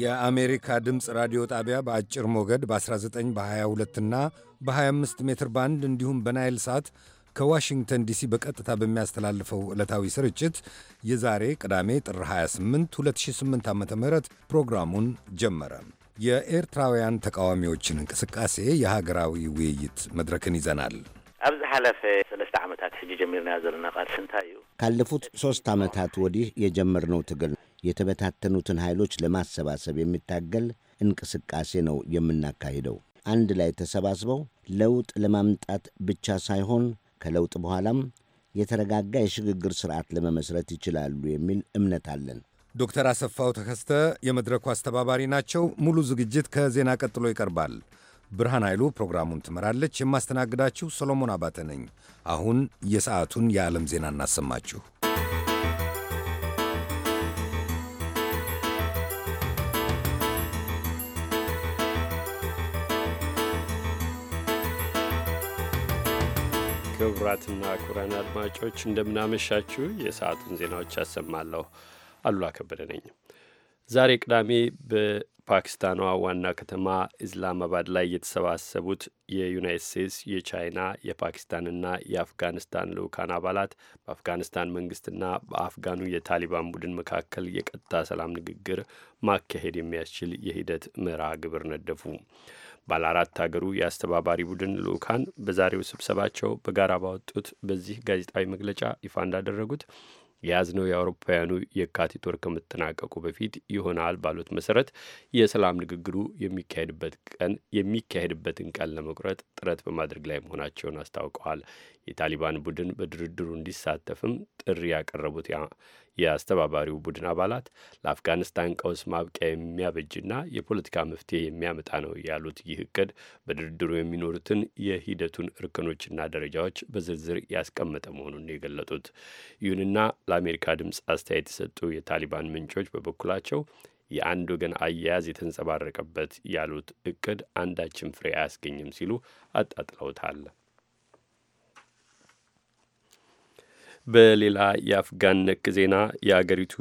የአሜሪካ ድምፅ ራዲዮ ጣቢያ በአጭር ሞገድ በ19 በ22 እና በ25 ሜትር ባንድ እንዲሁም በናይል ሳት ከዋሽንግተን ዲሲ በቀጥታ በሚያስተላልፈው ዕለታዊ ስርጭት የዛሬ ቅዳሜ ጥር 28 2008 ዓ ም ፕሮግራሙን ጀመረ። የኤርትራውያን ተቃዋሚዎችን እንቅስቃሴ የሀገራዊ ውይይት መድረክን ይዘናል። ኣብዚ ሓለፈ ሰለስተ ዓመታት ሕጂ ጀሚርና ዘለና ቃልሲ እንታይ እዩ ካለፉት ሶስት ዓመታት ወዲህ የጀመርነው ትግል የተበታተኑትን ኃይሎች ለማሰባሰብ የሚታገል እንቅስቃሴ ነው የምናካሂደው። አንድ ላይ ተሰባስበው ለውጥ ለማምጣት ብቻ ሳይሆን ከለውጥ በኋላም የተረጋጋ የሽግግር ስርዓት ለመመስረት ይችላሉ የሚል እምነት አለን። ዶክተር አሰፋው ተከስተ የመድረኩ አስተባባሪ ናቸው። ሙሉ ዝግጅት ከዜና ቀጥሎ ይቀርባል። ብርሃን ኃይሉ ፕሮግራሙን ትመራለች። የማስተናግዳችሁ ሰሎሞን አባተ ነኝ። አሁን የሰዓቱን የዓለም ዜና እናሰማችሁ። ክቡራትና ክቡራን አድማጮች እንደምናመሻችሁ፣ የሰዓቱን ዜናዎች ያሰማለሁ። አሉላ ከበደ ነኝ። ዛሬ ቅዳሜ ፓኪስታኗ ዋና ከተማ ኢስላማባድ ላይ የተሰባሰቡት የዩናይት ስቴትስ የቻይና የፓኪስታንና የአፍጋኒስታን ልዑካን አባላት በአፍጋኒስታን መንግስትና በአፍጋኑ የታሊባን ቡድን መካከል የቀጥታ ሰላም ንግግር ማካሄድ የሚያስችል የሂደት ምዕራ ግብር ነደፉ። ባለ አራት ሀገሩ የአስተባባሪ ቡድን ልዑካን በዛሬው ስብሰባቸው በጋራ ባወጡት በዚህ ጋዜጣዊ መግለጫ ይፋ እንዳደረጉት የያዝነው የአውሮፓውያኑ የካቲት ወር ከመጠናቀቁ በፊት ይሆናል ባሉት መሰረት የሰላም ንግግሩ የሚካሄድበት ቀን የሚካሄድበትን ቀን ለመቁረጥ ጥረት በማድረግ ላይ መሆናቸውን አስታውቀዋል። የታሊባን ቡድን በድርድሩ እንዲሳተፍም ጥሪ ያቀረቡት የአስተባባሪው ቡድን አባላት ለአፍጋኒስታን ቀውስ ማብቂያ የሚያበጅና የፖለቲካ መፍትሄ የሚያመጣ ነው ያሉት ይህ እቅድ በድርድሩ የሚኖሩትን የሂደቱን እርከኖችና ደረጃዎች በዝርዝር ያስቀመጠ መሆኑን የገለጡት። ይሁንና ለአሜሪካ ድምፅ አስተያየት የሰጡ የታሊባን ምንጮች በበኩላቸው የአንድ ወገን አያያዝ የተንጸባረቀበት ያሉት እቅድ አንዳችን ፍሬ አያስገኝም ሲሉ አጣጥለውታል። በሌላ የአፍጋን ነክ ዜና የአገሪቱ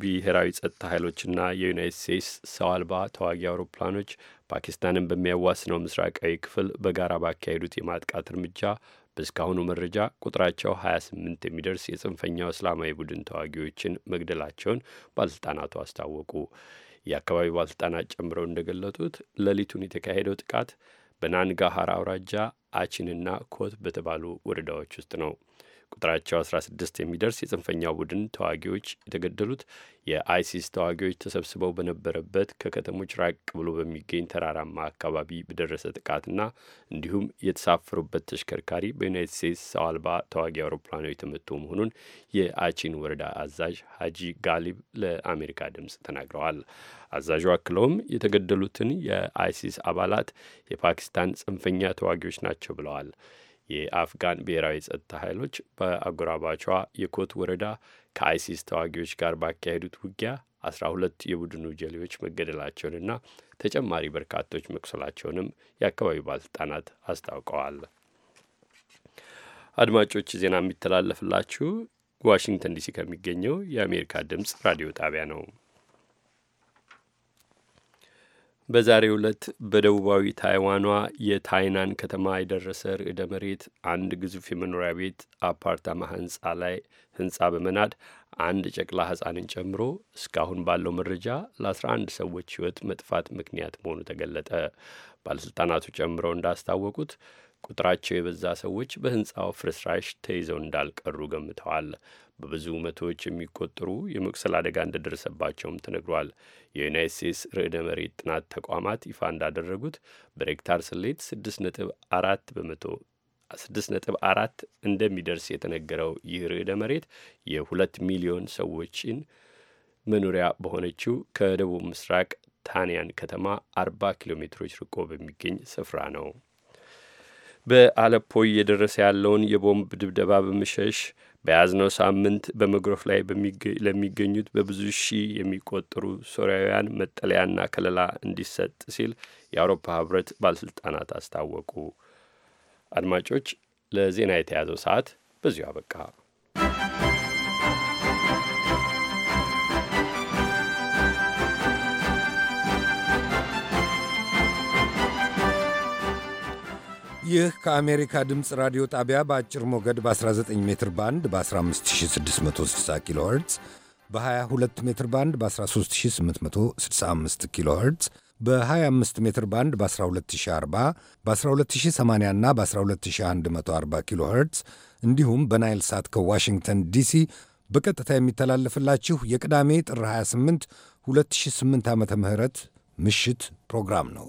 ብሔራዊ ጸጥታ ኃይሎችና የዩናይት ስቴትስ ሰው አልባ ተዋጊ አውሮፕላኖች ፓኪስታንን በሚያዋስነው ምስራቃዊ ክፍል በጋራ ባካሄዱት የማጥቃት እርምጃ በእስካሁኑ መረጃ ቁጥራቸው 28 የሚደርስ የጽንፈኛው እስላማዊ ቡድን ተዋጊዎችን መግደላቸውን ባለሥልጣናቱ አስታወቁ። የአካባቢ ባለሥልጣናት ጨምረው እንደገለጡት ሌሊቱን የተካሄደው ጥቃት በናንጋሃር አውራጃ አቺንና ኮት በተባሉ ወረዳዎች ውስጥ ነው። ቁጥራቸው 16 የሚደርስ የጽንፈኛው ቡድን ተዋጊዎች የተገደሉት የአይሲስ ተዋጊዎች ተሰብስበው በነበረበት ከከተሞች ራቅ ብሎ በሚገኝ ተራራማ አካባቢ በደረሰ ጥቃትና እንዲሁም የተሳፈሩበት ተሽከርካሪ በዩናይት ስቴትስ ሰው አልባ ተዋጊ አውሮፕላኖች የተመቱ መሆኑን የአቺን ወረዳ አዛዥ ሀጂ ጋሊብ ለአሜሪካ ድምፅ ተናግረዋል። አዛዡ አክለውም የተገደሉትን የአይሲስ አባላት የፓኪስታን ጽንፈኛ ተዋጊዎች ናቸው ብለዋል። የአፍጋን ብሔራዊ ጸጥታ ኃይሎች በአጎራባቿ የኮት ወረዳ ከአይሲስ ተዋጊዎች ጋር ባካሄዱት ውጊያ አስራ ሁለት የቡድኑ ጀሌዎች መገደላቸውንና ተጨማሪ በርካቶች መቁሰላቸውንም የአካባቢው ባለስልጣናት አስታውቀዋል። አድማጮች ዜና የሚተላለፍላችሁ ዋሽንግተን ዲሲ ከሚገኘው የአሜሪካ ድምፅ ራዲዮ ጣቢያ ነው። በዛሬው ዕለት በደቡባዊ ታይዋኗ የታይናን ከተማ የደረሰ ርዕደ መሬት አንድ ግዙፍ የመኖሪያ ቤት አፓርታማ ህንፃ ላይ ህንፃ በመናድ አንድ ጨቅላ ህፃንን ጨምሮ እስካሁን ባለው መረጃ ለ11 ሰዎች ህይወት መጥፋት ምክንያት መሆኑ ተገለጠ። ባለሥልጣናቱ ጨምረው እንዳስታወቁት ቁጥራቸው የበዛ ሰዎች በህንፃው ፍርስራሽ ተይዘው እንዳልቀሩ ገምተዋል። በብዙ መቶዎች የሚቆጠሩ የመቁሰል አደጋ እንደደረሰባቸውም ተነግሯል። የዩናይት ስቴትስ ርዕደ መሬት ጥናት ተቋማት ይፋ እንዳደረጉት በሬክታር ስሌት ስድስት ነጥብ አራት በመቶ ስድስት ነጥብ አራት እንደሚደርስ የተነገረው ይህ ርዕደ መሬት የሁለት ሚሊዮን ሰዎችን መኖሪያ በሆነችው ከደቡብ ምስራቅ ታንያን ከተማ አርባ ኪሎ ሜትሮች ርቆ በሚገኝ ስፍራ ነው። በአለፖ እየደረሰ ያለውን የቦምብ ድብደባ በመሸሽ በያዝነው ሳምንት በመጉረፍ ላይ ለሚገኙት በብዙ ሺህ የሚቆጠሩ ሶሪያውያን መጠለያና ከለላ እንዲሰጥ ሲል የአውሮፓ ህብረት ባለሥልጣናት አስታወቁ። አድማጮች፣ ለዜና የተያዘው ሰዓት በዚሁ አበቃ። ይህ ከአሜሪካ ድምፅ ራዲዮ ጣቢያ በአጭር ሞገድ በ19 ሜትር ባንድ በ15660 ኪሎ ኸርትዝ በ22 ሜትር ባንድ በ13865 ኪሎ ኸርትዝ በ25 ሜትር ባንድ በ 1240 በ 1280 እና በ12140 ኪሎ ኸርትዝ እንዲሁም በናይል ሳት ከዋሽንግተን ዲሲ በቀጥታ የሚተላለፍላችሁ የቅዳሜ ጥር 28 2008 ዓ ም ምሽት ፕሮግራም ነው።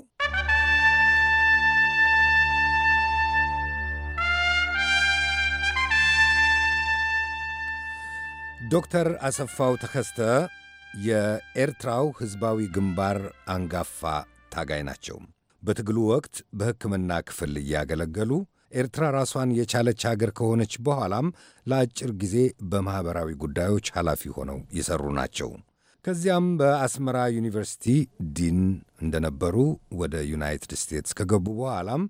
ዶክተር አሰፋው ተከስተ የኤርትራው ሕዝባዊ ግንባር አንጋፋ ታጋይ ናቸው። በትግሉ ወቅት በሕክምና ክፍል እያገለገሉ ኤርትራ ራሷን የቻለች ሀገር ከሆነች በኋላም ለአጭር ጊዜ በማኅበራዊ ጉዳዮች ኃላፊ ሆነው የሠሩ ናቸው። ከዚያም በአስመራ ዩኒቨርሲቲ ዲን እንደነበሩ ወደ ዩናይትድ ስቴትስ ከገቡ በኋላም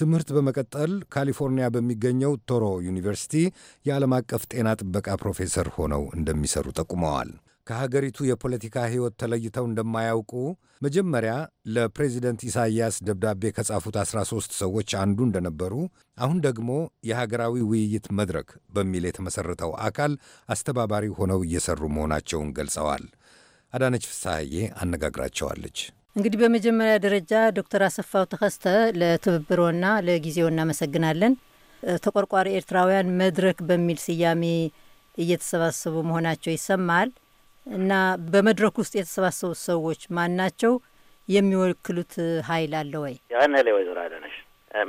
ትምህርት በመቀጠል ካሊፎርኒያ በሚገኘው ቶሮ ዩኒቨርሲቲ የዓለም አቀፍ ጤና ጥበቃ ፕሮፌሰር ሆነው እንደሚሰሩ ጠቁመዋል። ከሀገሪቱ የፖለቲካ ሕይወት ተለይተው እንደማያውቁ መጀመሪያ ለፕሬዚደንት ኢሳይያስ ደብዳቤ ከጻፉት 13 ሰዎች አንዱ እንደነበሩ፣ አሁን ደግሞ የሀገራዊ ውይይት መድረክ በሚል የተመሠረተው አካል አስተባባሪ ሆነው እየሰሩ መሆናቸውን ገልጸዋል። አዳነች ፍሳሐዬ አነጋግራቸዋለች። እንግዲህ በመጀመሪያ ደረጃ ዶክተር አሰፋው ተከስተ ለትብብሮና ለጊዜው እናመሰግናለን። ተቆርቋሪ ኤርትራውያን መድረክ በሚል ስያሜ እየተሰባሰቡ መሆናቸው ይሰማል እና በመድረክ ውስጥ የተሰባሰቡት ሰዎች ማን ናቸው? የሚወክሉት ሀይል አለ ወይ? ያነ ላይ ወይዘሮ አዳነሽ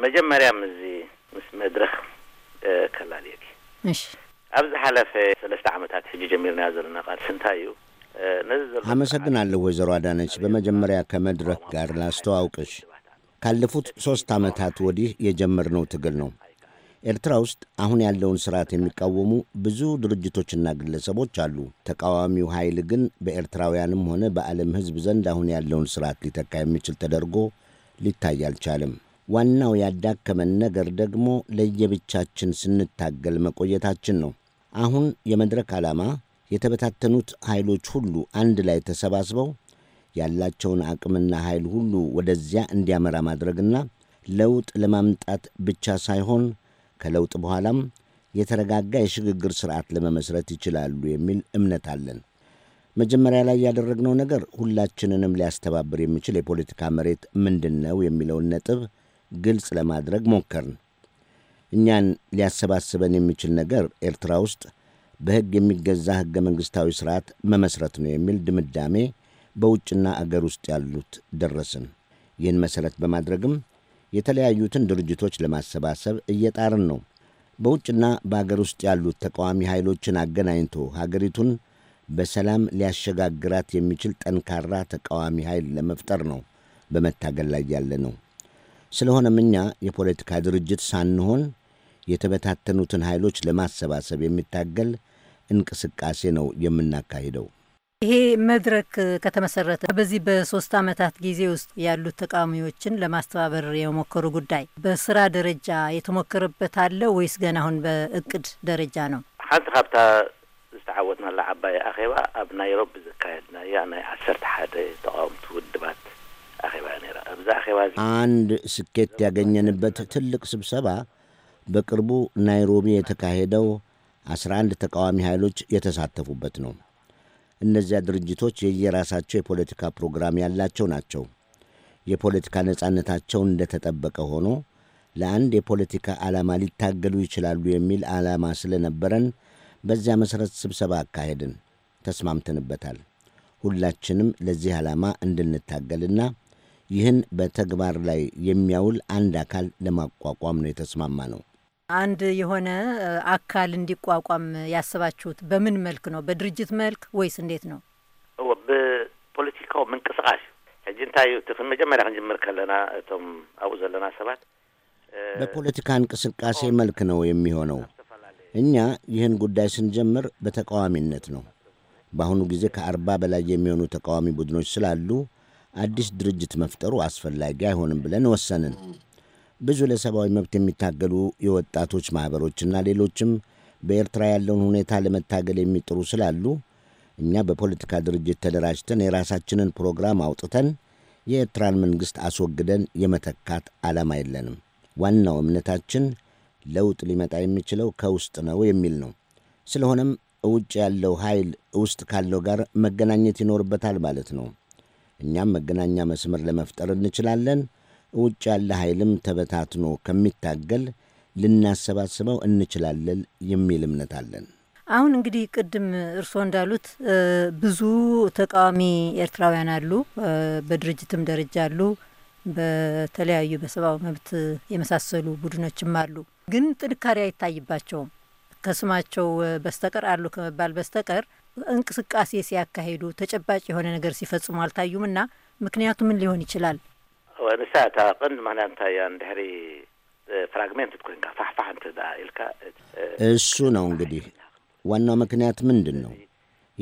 መጀመርያም እዚ ምስ መድረክ ከላልየ እሺ ኣብዚ ሓለፈ ሰለስተ ዓመታት ሕጂ ጀሚርና ዘለና ቃል ስንታይ እዩ አመሰግናለሁ ወይዘሮ አዳነች። በመጀመሪያ ከመድረክ ጋር ላስተዋውቅሽ። ካለፉት ሦስት ዓመታት ወዲህ የጀመርነው ትግል ነው። ኤርትራ ውስጥ አሁን ያለውን ስርዓት የሚቃወሙ ብዙ ድርጅቶችና ግለሰቦች አሉ። ተቃዋሚው ኃይል ግን በኤርትራውያንም ሆነ በዓለም ሕዝብ ዘንድ አሁን ያለውን ስርዓት ሊተካ የሚችል ተደርጎ ሊታይ አልቻለም። ዋናው ያዳከመን ነገር ደግሞ ለየብቻችን ስንታገል መቆየታችን ነው። አሁን የመድረክ ዓላማ የተበታተኑት ኃይሎች ሁሉ አንድ ላይ ተሰባስበው ያላቸውን አቅምና ኃይል ሁሉ ወደዚያ እንዲያመራ ማድረግና ለውጥ ለማምጣት ብቻ ሳይሆን ከለውጥ በኋላም የተረጋጋ የሽግግር ስርዓት ለመመስረት ይችላሉ የሚል እምነት አለን። መጀመሪያ ላይ ያደረግነው ነገር ሁላችንንም ሊያስተባብር የሚችል የፖለቲካ መሬት ምንድን ነው የሚለውን ነጥብ ግልጽ ለማድረግ ሞከርን። እኛን ሊያሰባስበን የሚችል ነገር ኤርትራ ውስጥ በሕግ የሚገዛ ሕገ መንግሥታዊ ሥርዓት መመስረት ነው የሚል ድምዳሜ በውጭና አገር ውስጥ ያሉት ደረስን። ይህን መሠረት በማድረግም የተለያዩትን ድርጅቶች ለማሰባሰብ እየጣርን ነው። በውጭና በአገር ውስጥ ያሉት ተቃዋሚ ኃይሎችን አገናኝቶ ሀገሪቱን በሰላም ሊያሸጋግራት የሚችል ጠንካራ ተቃዋሚ ኃይል ለመፍጠር ነው በመታገል ላይ ያለ ነው። ስለሆነም እኛ የፖለቲካ ድርጅት ሳንሆን የተበታተኑትን ኃይሎች ለማሰባሰብ የሚታገል እንቅስቃሴ ነው የምናካሂደው። ይሄ መድረክ ከተመሰረተ በዚህ በሶስት ዓመታት ጊዜ ውስጥ ያሉት ተቃዋሚዎችን ለማስተባበር የሞከሩ ጉዳይ በስራ ደረጃ የተሞከረበት አለ ወይስ ገና አሁን በእቅድ ደረጃ ነው? ሓንቲ ካብታ ዝተዓወትናላ ዓባይ ኣኼባ ኣብ ናይሮቢ ዘካየድናያ ናይ ዓሰርተ ሓደ ተቃውምቲ ውድባት ኣኼባ ነይራ። ኣብዛ ኣኼባ አንድ ስኬት ያገኘንበት ትልቅ ስብሰባ በቅርቡ ናይሮቢ የተካሄደው 11 ተቃዋሚ ኃይሎች የተሳተፉበት ነው። እነዚያ ድርጅቶች የየራሳቸው የፖለቲካ ፕሮግራም ያላቸው ናቸው። የፖለቲካ ነጻነታቸውን እንደተጠበቀ ሆኖ ለአንድ የፖለቲካ ዓላማ ሊታገሉ ይችላሉ የሚል ዓላማ ስለነበረን በዚያ መሠረት ስብሰባ አካሄድን፣ ተስማምተንበታል። ሁላችንም ለዚህ ዓላማ እንድንታገልና ይህን በተግባር ላይ የሚያውል አንድ አካል ለማቋቋም ነው የተስማማ ነው። አንድ የሆነ አካል እንዲቋቋም ያስባችሁት በምን መልክ ነው? በድርጅት መልክ ወይስ እንዴት ነው? ብፖለቲካው ምንቅስቃስ ሕጂ እንታይ እቲ መጀመርያ ክንጅምር ከለና እቶም ኣብኡ ዘለና ሰባት በፖለቲካ እንቅስቃሴ መልክ ነው የሚሆነው። እኛ ይህን ጉዳይ ስንጀምር በተቃዋሚነት ነው። በአሁኑ ጊዜ ከአርባ በላይ የሚሆኑ ተቃዋሚ ቡድኖች ስላሉ አዲስ ድርጅት መፍጠሩ አስፈላጊ አይሆንም ብለን ወሰንን። ብዙ ለሰብአዊ መብት የሚታገሉ የወጣቶች ማኅበሮችና ሌሎችም በኤርትራ ያለውን ሁኔታ ለመታገል የሚጥሩ ስላሉ እኛ በፖለቲካ ድርጅት ተደራጅተን የራሳችንን ፕሮግራም አውጥተን የኤርትራን መንግሥት አስወግደን የመተካት ዓላማ የለንም። ዋናው እምነታችን ለውጥ ሊመጣ የሚችለው ከውስጥ ነው የሚል ነው። ስለሆነም ውጭ ያለው ኃይል ውስጥ ካለው ጋር መገናኘት ይኖርበታል ማለት ነው። እኛም መገናኛ መስመር ለመፍጠር እንችላለን። ውጭ ያለ ኃይልም ተበታትኖ ከሚታገል ልናሰባስበው እንችላለን የሚል እምነት አለን። አሁን እንግዲህ ቅድም እርስዎ እንዳሉት ብዙ ተቃዋሚ ኤርትራውያን አሉ፣ በድርጅትም ደረጃ አሉ፣ በተለያዩ በሰብአዊ መብት የመሳሰሉ ቡድኖችም አሉ። ግን ጥንካሬ አይታይባቸውም ከስማቸው በስተቀር አሉ ከመባል በስተቀር እንቅስቃሴ ሲያካሂዱ ተጨባጭ የሆነ ነገር ሲፈጽሙ አልታዩም። እና ምክንያቱ ምን ሊሆን ይችላል? ምክንያት እያ ፋሕፋሕ ኢልካ እሱ ነው እንግዲህ ዋናው ምክንያት ምንድን ነው?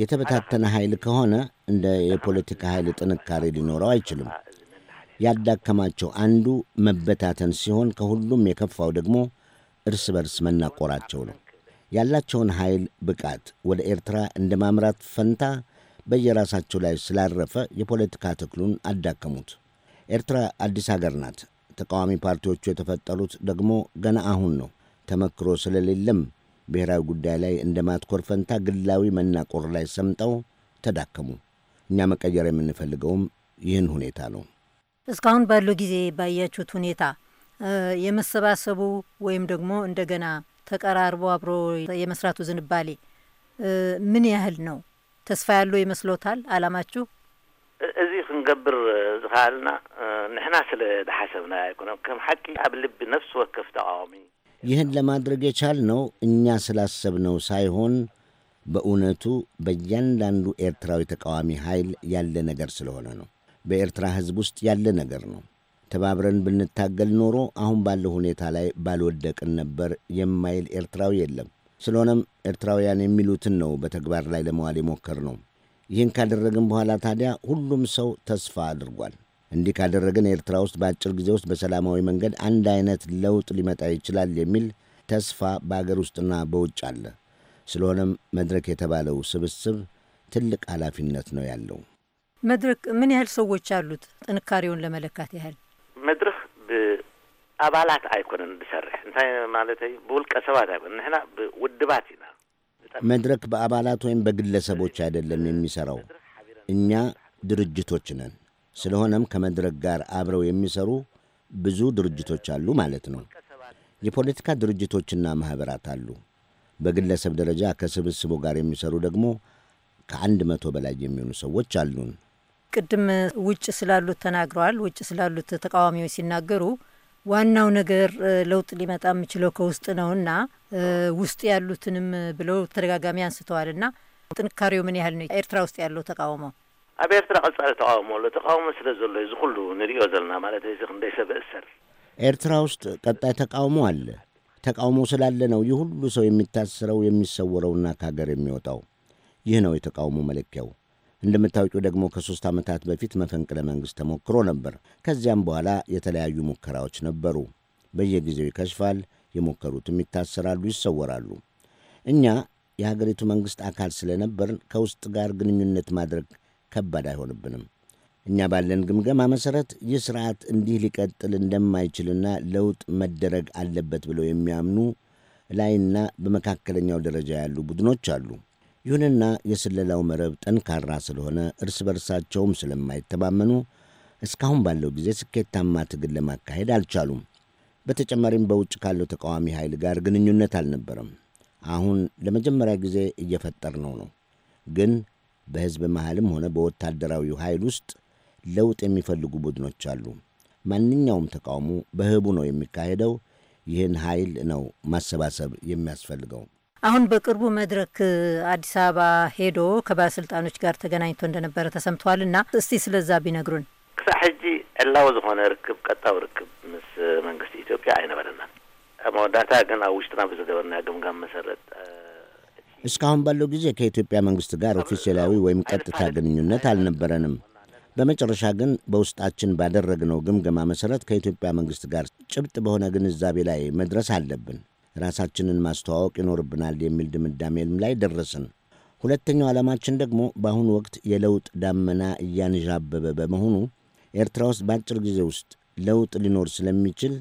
የተበታተነ ኃይል ከሆነ እንደ የፖለቲካ ኃይል ጥንካሬ ሊኖረው አይችልም። ያዳከማቸው አንዱ መበታተን ሲሆን ከሁሉም የከፋው ደግሞ እርስ በርስ መናቆራቸው ነው። ያላቸውን ኃይል ብቃት ወደ ኤርትራ እንደ ማምራት ፈንታ በየራሳቸው ላይ ስላረፈ የፖለቲካ ትክሉን አዳከሙት። ኤርትራ አዲስ ሀገር ናት። ተቃዋሚ ፓርቲዎቹ የተፈጠሩት ደግሞ ገና አሁን ነው። ተመክሮ ስለሌለም ብሔራዊ ጉዳይ ላይ እንደ ማትኮር ፈንታ ግላዊ መናቆር ላይ ሰምጠው ተዳከሙ። እኛ መቀየር የምንፈልገውም ይህን ሁኔታ ነው። እስካሁን ባለው ጊዜ ባያችሁት ሁኔታ የመሰባሰቡ ወይም ደግሞ እንደገና ተቀራርቦ አብሮ የመስራቱ ዝንባሌ ምን ያህል ነው? ተስፋ ያለው ይመስሎታል? አላማችሁ እዚ ክንገብር ዝኸኣልና ንሕና ስለ ዝሓሰብና ኣይኮነም ከም ሓቂ ኣብ ልቢ ነፍሲ ወከፍ ተቃዋሚ ይህን ለማድረግ የቻልነው እኛ ስላሰብነው ሳይሆን በእውነቱ በእያንዳንዱ ኤርትራዊ ተቃዋሚ ኃይል ያለ ነገር ስለሆነ ነው። በኤርትራ ሕዝብ ውስጥ ያለ ነገር ነው። ተባብረን ብንታገል ኖሮ አሁን ባለው ሁኔታ ላይ ባልወደቅን ነበር የማይል ኤርትራዊ የለም። ስለሆነም ኤርትራውያን የሚሉትን ነው በተግባር ላይ ለመዋል የሞከር ነው። ይህን ካደረግን በኋላ ታዲያ ሁሉም ሰው ተስፋ አድርጓል። እንዲህ ካደረግን ኤርትራ ውስጥ በአጭር ጊዜ ውስጥ በሰላማዊ መንገድ አንድ አይነት ለውጥ ሊመጣ ይችላል የሚል ተስፋ በአገር ውስጥና በውጭ አለ። ስለሆነም መድረክ የተባለው ስብስብ ትልቅ ኃላፊነት ነው ያለው። መድረክ ምን ያህል ሰዎች አሉት? ጥንካሬውን ለመለካት ያህል መድረክ ብአባላት አይኮንን ብሰርሕ እንታይ ማለት ብውልቀ ሰባት አይኮን ንሕና ብውድባት ኢና መድረክ በአባላት ወይም በግለሰቦች አይደለም የሚሰራው፣ እኛ ድርጅቶች ነን። ስለሆነም ከመድረክ ጋር አብረው የሚሰሩ ብዙ ድርጅቶች አሉ ማለት ነው። የፖለቲካ ድርጅቶችና ማኅበራት አሉ። በግለሰብ ደረጃ ከስብስቡ ጋር የሚሰሩ ደግሞ ከአንድ መቶ በላይ የሚሆኑ ሰዎች አሉን። ቅድም ውጭ ስላሉት ተናግረዋል። ውጭ ስላሉት ተቃዋሚዎች ሲናገሩ ዋናው ነገር ለውጥ ሊመጣ የሚችለው ከውስጥ እና ውስጥ ያሉትንም ብለው ተደጋጋሚ አንስተዋልና ጥንካሬው ምን ያህል ነው? ኤርትራ ውስጥ ያለው ተቃውሞ ኣብ ኤርትራ ቀጻሊ ተቃውሞ ኣሎ ተቃውሞ ስለ ዘሎ እዚ ኩሉ ንሪኦ ዘለና ማለት እዚ ክንደይ ሰብ እሰር ኤርትራ ውስጥ ቀጣይ ተቃውሞ አለ። ተቃውሞ ስላለ ነው ይህ ሁሉ ሰው የሚታስረው የሚሰወረውና ከሀገር የሚወጣው። ይህ ነው የተቃውሞ መለኪያው። እንደምታውቂው ደግሞ ከሶስት ዓመታት በፊት መፈንቅለ መንግሥት ተሞክሮ ነበር። ከዚያም በኋላ የተለያዩ ሙከራዎች ነበሩ። በየጊዜው ይከሽፋል፣ የሞከሩትም ይታሰራሉ፣ ይሰወራሉ። እኛ የሀገሪቱ መንግሥት አካል ስለነበርን ከውስጥ ጋር ግንኙነት ማድረግ ከባድ አይሆንብንም። እኛ ባለን ግምገማ መሠረት ይህ ስርዓት እንዲህ ሊቀጥል እንደማይችልና ለውጥ መደረግ አለበት ብለው የሚያምኑ ላይና በመካከለኛው ደረጃ ያሉ ቡድኖች አሉ። ይሁንና የስለላው መረብ ጠንካራ ስለሆነ እርስ በርሳቸውም ስለማይተማመኑ እስካሁን ባለው ጊዜ ስኬታማ ትግል ለማካሄድ አልቻሉም። በተጨማሪም በውጭ ካለው ተቃዋሚ ኃይል ጋር ግንኙነት አልነበረም። አሁን ለመጀመሪያ ጊዜ እየፈጠር ነው ነው ግን በሕዝብ መሃልም ሆነ በወታደራዊው ኃይል ውስጥ ለውጥ የሚፈልጉ ቡድኖች አሉ። ማንኛውም ተቃውሞ በህቡ ነው የሚካሄደው። ይህን ኃይል ነው ማሰባሰብ የሚያስፈልገው። አሁን በቅርቡ መድረክ አዲስ አበባ ሄዶ ከባለስልጣኖች ጋር ተገናኝቶ እንደነበረ ተሰምተዋል። ና እስቲ ስለዛ ቢነግሩን። ክሳ ሕጂ ዕላዊ ዝኾነ ርክብ ቀጣው ርክብ ምስ መንግስቲ ኢትዮጵያ ኣይነበረናን መወዳታ ግን ኣብ ውሽጥና ብዝገበርና ግምጋም መሰረት እስካሁን ባለው ጊዜ ከኢትዮጵያ መንግስት ጋር ኦፊሴላዊ ወይም ቀጥታ ግንኙነት አልነበረንም። በመጨረሻ ግን በውስጣችን ባደረግነው ግምገማ መሰረት ከኢትዮጵያ መንግስት ጋር ጭብጥ በሆነ ግንዛቤ ላይ መድረስ አለብን። ራሳችንን ማስተዋወቅ ይኖርብናል የሚል ድምዳሜም ላይ ደረስን። ሁለተኛው ዓላማችን ደግሞ በአሁኑ ወቅት የለውጥ ዳመና እያንዣበበ በመሆኑ ኤርትራ ውስጥ በአጭር ጊዜ ውስጥ ለውጥ ሊኖር ስለሚችል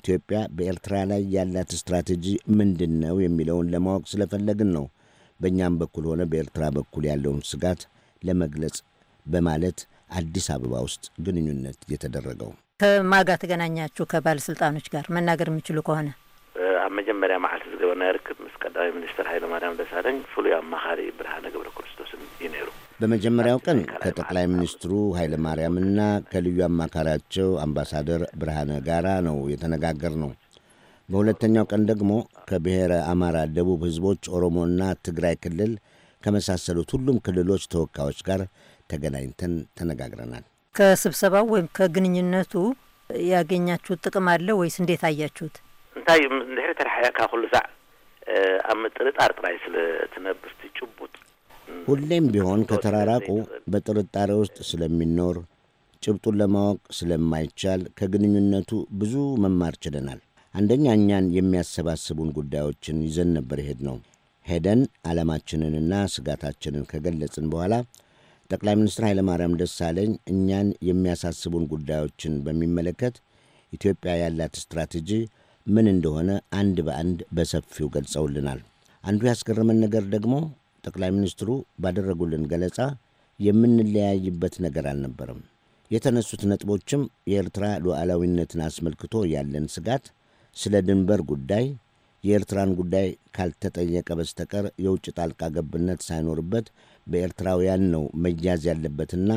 ኢትዮጵያ በኤርትራ ላይ ያላት ስትራቴጂ ምንድን ነው የሚለውን ለማወቅ ስለፈለግን ነው። በእኛም በኩል ሆነ በኤርትራ በኩል ያለውን ስጋት ለመግለጽ በማለት አዲስ አበባ ውስጥ ግንኙነት የተደረገው። ከማጋ ተገናኛችሁ ከባለስልጣኖች ጋር መናገር የሚችሉ ከሆነ ኣብ መጀመርያ መዓልቲ ርክብ ምስ ቀዳማይ ሚኒስትር ሃይለማርያም ደሳለኝ ፍሉይ ኣማኻሪ ብርሃነ ገብረ ክርስቶስን እዩ ነይሩ። በመጀመሪያው ቀን ከጠቅላይ ሚኒስትሩ ኃይለማርያምና ከልዩ አማካሪያቸው አምባሳደር ብርሃነ ጋራ ነው የተነጋገር ነው። በሁለተኛው ቀን ደግሞ ከብሔረ አማራ፣ ደቡብ ህዝቦች፣ ኦሮሞና ትግራይ ክልል ከመሳሰሉት ሁሉም ክልሎች ተወካዮች ጋር ተገናኝተን ተነጋግረናል። ከስብሰባው ወይም ከግንኙነቱ ያገኛችሁት ጥቅም አለ ወይስ እንዴት አያችሁት? እንታይ ንድሕሪ ተረሓያካ ኩሉ ሳዕ ኣብ ምጥርጣር ጥራይ ስለ ትነብር ጭቡጥ ሁሌም ቢሆን ከተራራቁ በጥርጣሬ ውስጥ ስለሚኖር ጭብጡን ለማወቅ ስለማይቻል ከግንኙነቱ ብዙ መማር ችለናል። አንደኛ እኛን የሚያሰባስቡን ጉዳዮችን ይዘን ነበር ይሄድ ነው። ሄደን ዓላማችንንና ስጋታችንን ከገለጽን በኋላ ጠቅላይ ሚኒስትር ኃይለማርያም ደሳለኝ እኛን የሚያሳስቡን ጉዳዮችን በሚመለከት ኢትዮጵያ ያላት ስትራቴጂ ምን እንደሆነ አንድ በአንድ በሰፊው ገልጸውልናል። አንዱ ያስገረመን ነገር ደግሞ ጠቅላይ ሚኒስትሩ ባደረጉልን ገለጻ የምንለያይበት ነገር አልነበረም። የተነሱት ነጥቦችም የኤርትራ ሉዓላዊነትን አስመልክቶ ያለን ስጋት፣ ስለ ድንበር ጉዳይ፣ የኤርትራን ጉዳይ ካልተጠየቀ በስተቀር የውጭ ጣልቃ ገብነት ሳይኖርበት በኤርትራውያን ነው መያዝ ያለበትና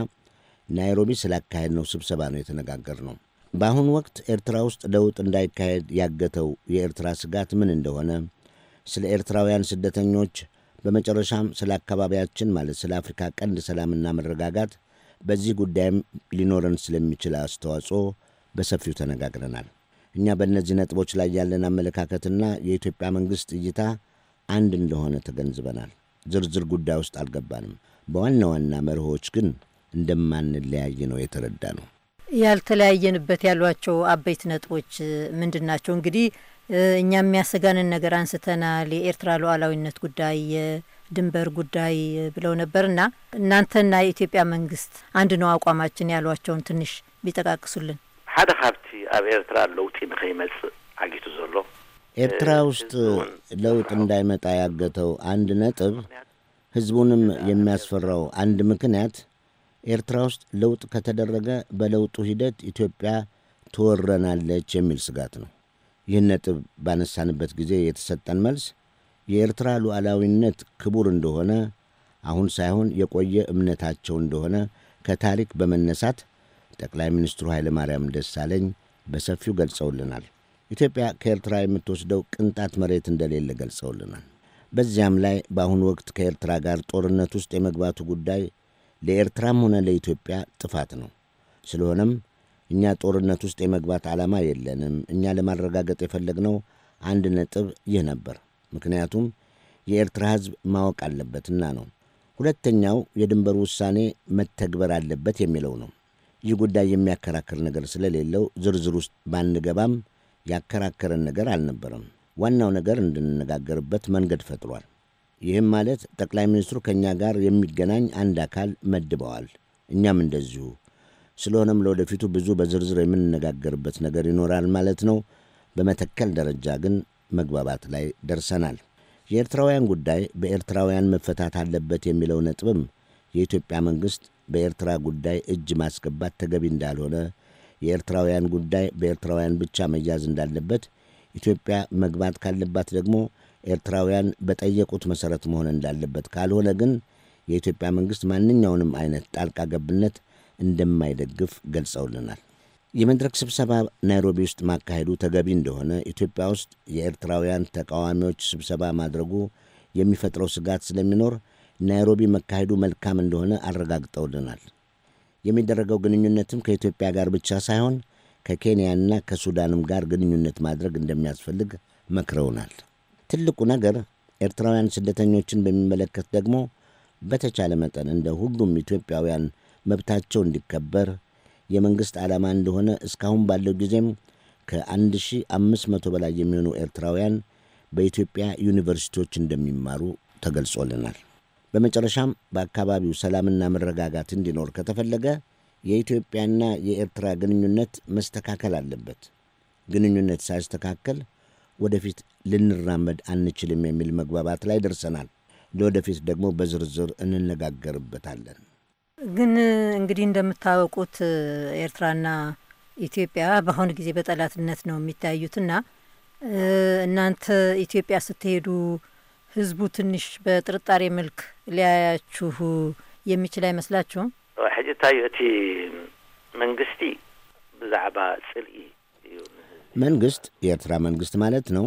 ናይሮቢ ስላካሄድ ነው ስብሰባ ነው የተነጋገር ነው። በአሁኑ ወቅት ኤርትራ ውስጥ ለውጥ እንዳይካሄድ ያገተው የኤርትራ ስጋት ምን እንደሆነ፣ ስለ ኤርትራውያን ስደተኞች፣ በመጨረሻም ስለ አካባቢያችን ማለት ስለ አፍሪካ ቀንድ ሰላምና መረጋጋት፣ በዚህ ጉዳይም ሊኖረን ስለሚችል አስተዋጽኦ በሰፊው ተነጋግረናል። እኛ በእነዚህ ነጥቦች ላይ ያለን አመለካከትና የኢትዮጵያ መንግሥት እይታ አንድ እንደሆነ ተገንዝበናል። ዝርዝር ጉዳይ ውስጥ አልገባንም። በዋና ዋና መርሆች ግን እንደማንለያይ ነው የተረዳ ነው። ያልተለያየንበት ያሏቸው አበይት ነጥቦች ምንድን ናቸው? እንግዲህ እኛ የሚያሰጋንን ነገር አንስተናል። የኤርትራ ሉዓላዊነት ጉዳይ፣ የድንበር ጉዳይ ብለው ነበርና እናንተና የኢትዮጵያ መንግስት አንድ ነው አቋማችን ያሏቸውን ትንሽ ቢጠቃቅሱልን። ሓደ ካብቲ ኣብ ኤርትራ ለውጢ ንኸይመጽእ ሓጊቱ ዘሎ ኤርትራ ውስጥ ለውጥ እንዳይመጣ ያገተው አንድ ነጥብ ህዝቡንም የሚያስፈራው አንድ ምክንያት ኤርትራ ውስጥ ለውጥ ከተደረገ በለውጡ ሂደት ኢትዮጵያ ትወረናለች የሚል ስጋት ነው። ይህን ነጥብ ባነሳንበት ጊዜ የተሰጠን መልስ የኤርትራ ሉዓላዊነት ክቡር እንደሆነ አሁን ሳይሆን የቆየ እምነታቸው እንደሆነ ከታሪክ በመነሳት ጠቅላይ ሚኒስትሩ ኃይለ ማርያም ደሳለኝ በሰፊው ገልጸውልናል። ኢትዮጵያ ከኤርትራ የምትወስደው ቅንጣት መሬት እንደሌለ ገልጸውልናል። በዚያም ላይ በአሁኑ ወቅት ከኤርትራ ጋር ጦርነት ውስጥ የመግባቱ ጉዳይ ለኤርትራም ሆነ ለኢትዮጵያ ጥፋት ነው። ስለሆነም እኛ ጦርነት ውስጥ የመግባት ዓላማ የለንም። እኛ ለማረጋገጥ የፈለግነው አንድ ነጥብ ይህ ነበር። ምክንያቱም የኤርትራ ሕዝብ ማወቅ አለበትና ነው። ሁለተኛው የድንበር ውሳኔ መተግበር አለበት የሚለው ነው። ይህ ጉዳይ የሚያከራክር ነገር ስለሌለው ዝርዝር ውስጥ ባንገባም ያከራከረን ነገር አልነበረም። ዋናው ነገር እንድንነጋገርበት መንገድ ፈጥሯል። ይህም ማለት ጠቅላይ ሚኒስትሩ ከእኛ ጋር የሚገናኝ አንድ አካል መድበዋል። እኛም እንደዚሁ። ስለሆነም ለወደፊቱ ብዙ በዝርዝር የምንነጋገርበት ነገር ይኖራል ማለት ነው። በመተከል ደረጃ ግን መግባባት ላይ ደርሰናል። የኤርትራውያን ጉዳይ በኤርትራውያን መፈታት አለበት የሚለው ነጥብም የኢትዮጵያ መንግሥት በኤርትራ ጉዳይ እጅ ማስገባት ተገቢ እንዳልሆነ፣ የኤርትራውያን ጉዳይ በኤርትራውያን ብቻ መያዝ እንዳለበት፣ ኢትዮጵያ መግባት ካለባት ደግሞ ኤርትራውያን በጠየቁት መሠረት መሆን እንዳለበት፣ ካልሆነ ግን የኢትዮጵያ መንግሥት ማንኛውንም አይነት ጣልቃ ገብነት እንደማይደግፍ ገልጸውልናል። የመድረክ ስብሰባ ናይሮቢ ውስጥ ማካሄዱ ተገቢ እንደሆነ፣ ኢትዮጵያ ውስጥ የኤርትራውያን ተቃዋሚዎች ስብሰባ ማድረጉ የሚፈጥረው ስጋት ስለሚኖር ናይሮቢ መካሄዱ መልካም እንደሆነ አረጋግጠውልናል። የሚደረገው ግንኙነትም ከኢትዮጵያ ጋር ብቻ ሳይሆን ከኬንያና ከሱዳንም ጋር ግንኙነት ማድረግ እንደሚያስፈልግ መክረውናል። ትልቁ ነገር ኤርትራውያን ስደተኞችን በሚመለከት ደግሞ በተቻለ መጠን እንደ ሁሉም ኢትዮጵያውያን መብታቸው እንዲከበር የመንግሥት ዓላማ እንደሆነ እስካሁን ባለው ጊዜም ከ1500 በላይ የሚሆኑ ኤርትራውያን በኢትዮጵያ ዩኒቨርሲቲዎች እንደሚማሩ ተገልጾልናል። በመጨረሻም በአካባቢው ሰላምና መረጋጋት እንዲኖር ከተፈለገ የኢትዮጵያና የኤርትራ ግንኙነት መስተካከል አለበት። ግንኙነት ሳይስተካከል ወደፊት ልንራመድ አንችልም የሚል መግባባት ላይ ደርሰናል። ለወደፊት ደግሞ በዝርዝር እንነጋገርበታለን። ግን እንግዲህ እንደምታወቁት ኤርትራና ኢትዮጵያ በአሁኑ ጊዜ በጠላትነት ነው የሚታዩትና እናንተ ኢትዮጵያ ስትሄዱ ህዝቡ ትንሽ በጥርጣሬ መልክ ሊያያችሁ የሚችል አይመስላችሁም? ሕጂ እንታይ እቲ መንግስቲ ብዛዕባ ጽልኢ እዩ መንግስት የኤርትራ መንግስት ማለት ነው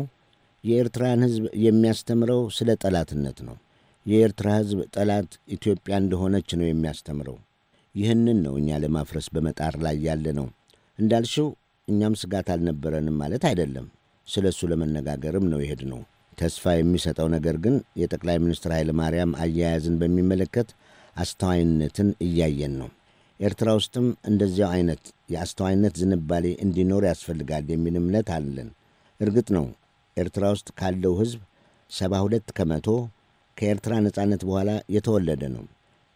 የኤርትራን ሕዝብ የሚያስተምረው ስለ ጠላትነት ነው። የኤርትራ ሕዝብ ጠላት ኢትዮጵያ እንደሆነች ነው የሚያስተምረው። ይህንን ነው እኛ ለማፍረስ በመጣር ላይ ያለ ነው። እንዳልሽው እኛም ስጋት አልነበረንም ማለት አይደለም። ስለ እሱ ለመነጋገርም ነው ይሄድ ነው። ተስፋ የሚሰጠው ነገር ግን የጠቅላይ ሚኒስትር ኃይለ ማርያም አያያዝን በሚመለከት አስተዋይነትን እያየን ነው። ኤርትራ ውስጥም እንደዚያው አይነት የአስተዋይነት ዝንባሌ እንዲኖር ያስፈልጋል የሚል እምነት አለን። እርግጥ ነው ኤርትራ ውስጥ ካለው ሕዝብ 72 ከመቶ ከኤርትራ ነጻነት በኋላ የተወለደ ነው።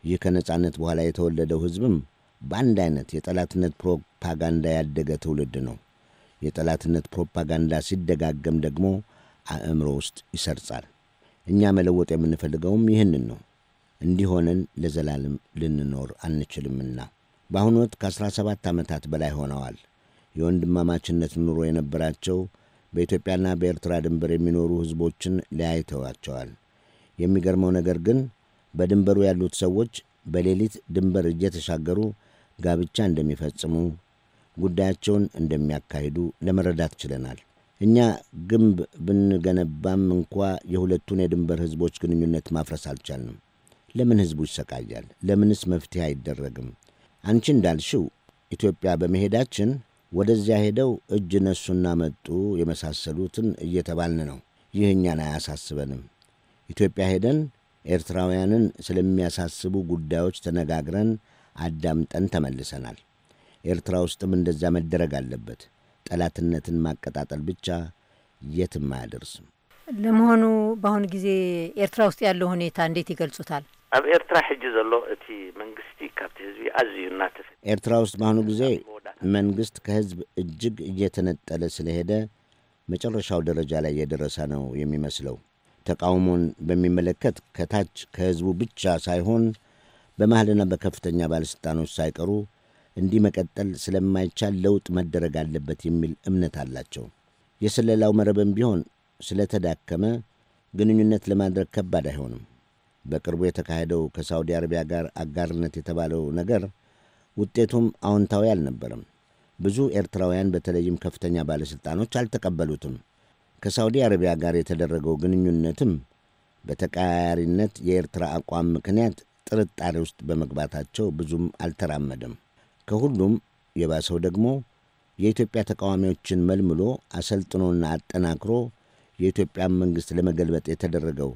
ይህ ከነጻነት በኋላ የተወለደው ሕዝብም በአንድ አይነት የጠላትነት ፕሮፓጋንዳ ያደገ ትውልድ ነው። የጠላትነት ፕሮፓጋንዳ ሲደጋገም ደግሞ አእምሮ ውስጥ ይሰርጻል። እኛ መለወጥ የምንፈልገውም ይህንን ነው። እንዲሆነን ለዘላለም ልንኖር አንችልምና በአሁኑ ወቅት ከ17 ዓመታት በላይ ሆነዋል የወንድማማችነት ኑሮ የነበራቸው በኢትዮጵያና በኤርትራ ድንበር የሚኖሩ ሕዝቦችን ለያይተዋቸዋል። የሚገርመው ነገር ግን በድንበሩ ያሉት ሰዎች በሌሊት ድንበር እየተሻገሩ ጋብቻ እንደሚፈጽሙ፣ ጉዳያቸውን እንደሚያካሂዱ ለመረዳት ችለናል። እኛ ግንብ ብንገነባም እንኳ የሁለቱን የድንበር ሕዝቦች ግንኙነት ማፍረስ አልቻልንም። ለምን ሕዝቡ ይሰቃያል? ለምንስ መፍትሄ አይደረግም? አንቺ እንዳልሽው ኢትዮጵያ በመሄዳችን ወደዚያ ሄደው እጅ ነሱና መጡ የመሳሰሉትን እየተባልን ነው። ይህ እኛን አያሳስበንም። ኢትዮጵያ ሄደን ኤርትራውያንን ስለሚያሳስቡ ጉዳዮች ተነጋግረን አዳምጠን ተመልሰናል። ኤርትራ ውስጥም እንደዛ መደረግ አለበት። ጠላትነትን ማቀጣጠል ብቻ የትም አያደርስም። ለመሆኑ በአሁኑ ጊዜ ኤርትራ ውስጥ ያለው ሁኔታ እንዴት ይገልጹታል? ኣብ ኤርትራ ሕጂ ዘሎ እቲ መንግስቲ ካብቲ ህዝቢ ኣዝዩ እናተፈ ኤርትራ ውስጥ በአሁኑ ጊዜ መንግሥት ከሕዝብ እጅግ እየተነጠለ ስለሄደ መጨረሻው ደረጃ ላይ የደረሰ ነው የሚመስለው። ተቃውሞን በሚመለከት ከታች ከሕዝቡ ብቻ ሳይሆን በመሃልና በከፍተኛ ባለሥልጣኖች ሳይቀሩ እንዲህ መቀጠል ስለማይቻል ለውጥ መደረግ አለበት የሚል እምነት አላቸው። የስለላው መረብም ቢሆን ስለተዳከመ ግንኙነት ለማድረግ ከባድ አይሆንም። በቅርቡ የተካሄደው ከሳውዲ አረቢያ ጋር አጋርነት የተባለው ነገር ውጤቱም አዎንታዊ አልነበረም። ብዙ ኤርትራውያን በተለይም ከፍተኛ ባለሥልጣኖች አልተቀበሉትም። ከሳውዲ አረቢያ ጋር የተደረገው ግንኙነትም በተቀያያሪነት የኤርትራ አቋም ምክንያት ጥርጣሬ ውስጥ በመግባታቸው ብዙም አልተራመደም። ከሁሉም የባሰው ደግሞ የኢትዮጵያ ተቃዋሚዎችን መልምሎ አሰልጥኖና አጠናክሮ የኢትዮጵያን መንግሥት ለመገልበጥ የተደረገው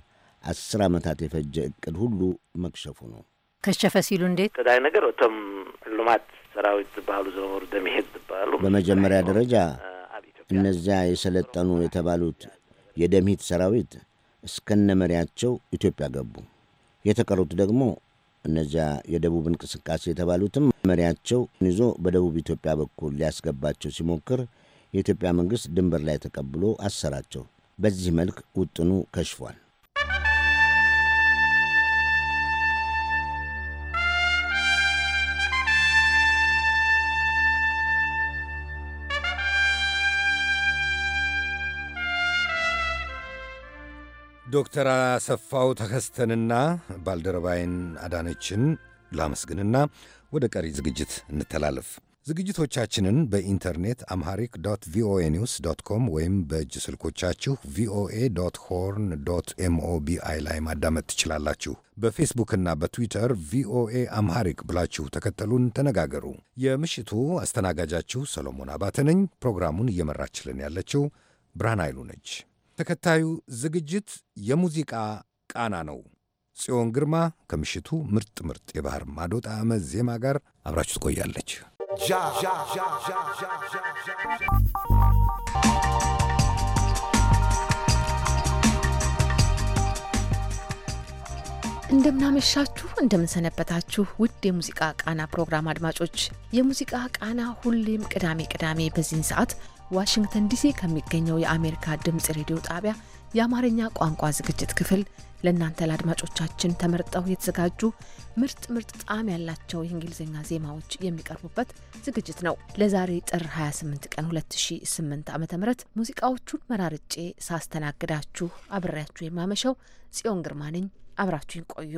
አስር ዓመታት የፈጀ እቅድ ሁሉ መክሸፉ ነው። ከሸፈ ሲሉ እንዴት ቀዳይ ነገር እቶም ልማት ሰራዊት ትባሉ ዘወር ደምሄድ ትባሉ። በመጀመሪያ ደረጃ እነዚያ የሰለጠኑ የተባሉት የደምሂት ሰራዊት እስከነ መሪያቸው ኢትዮጵያ ገቡ። የተቀሩት ደግሞ እነዚያ የደቡብ እንቅስቃሴ የተባሉትም መሪያቸው ይዞ በደቡብ ኢትዮጵያ በኩል ሊያስገባቸው ሲሞክር የኢትዮጵያ መንግሥት ድንበር ላይ ተቀብሎ አሰራቸው። በዚህ መልክ ውጥኑ ከሽፏል። ዶክተር አሰፋው ተከስተንና ባልደረባይን አዳነችን ላመስግንና ወደ ቀሪ ዝግጅት እንተላለፍ። ዝግጅቶቻችንን በኢንተርኔት አምሃሪክ ዶት ቪኦኤ ኒውስ ዶት ኮም ወይም በእጅ ስልኮቻችሁ ቪኦኤ ዶት ሆርን ዶት ኤምኦቢአይ ላይ ማዳመጥ ትችላላችሁ። በፌስቡክና በትዊተር ቪኦኤ አምሃሪክ ብላችሁ ተከተሉን፣ ተነጋገሩ። የምሽቱ አስተናጋጃችሁ ሰሎሞን አባተ ነኝ። ፕሮግራሙን እየመራችልን ያለችው ብርሃን ኃይሉ ነች። ተከታዩ ዝግጅት የሙዚቃ ቃና ነው። ጽዮን ግርማ ከምሽቱ ምርጥ ምርጥ የባህር ማዶ ጣዕመ ዜማ ጋር አብራችሁ ትቆያለች። እንደምናመሻችሁ እንደምንሰነበታችሁ ውድ የሙዚቃ ቃና ፕሮግራም አድማጮች፣ የሙዚቃ ቃና ሁሌም ቅዳሜ ቅዳሜ በዚህን ሰዓት ዋሽንግተን ዲሲ ከሚገኘው የአሜሪካ ድምፅ ሬዲዮ ጣቢያ የአማርኛ ቋንቋ ዝግጅት ክፍል ለእናንተ ለአድማጮቻችን ተመርጠው የተዘጋጁ ምርጥ ምርጥ ጣዕም ያላቸው የእንግሊዝኛ ዜማዎች የሚቀርቡበት ዝግጅት ነው። ለዛሬ ጥር 28 ቀን 2008 ዓ ም ሙዚቃዎቹን መራርጬ ሳስተናግዳችሁ አብሬያችሁ የማመሸው ጽዮን ግርማ ነኝ። አብራችሁን ቆዩ።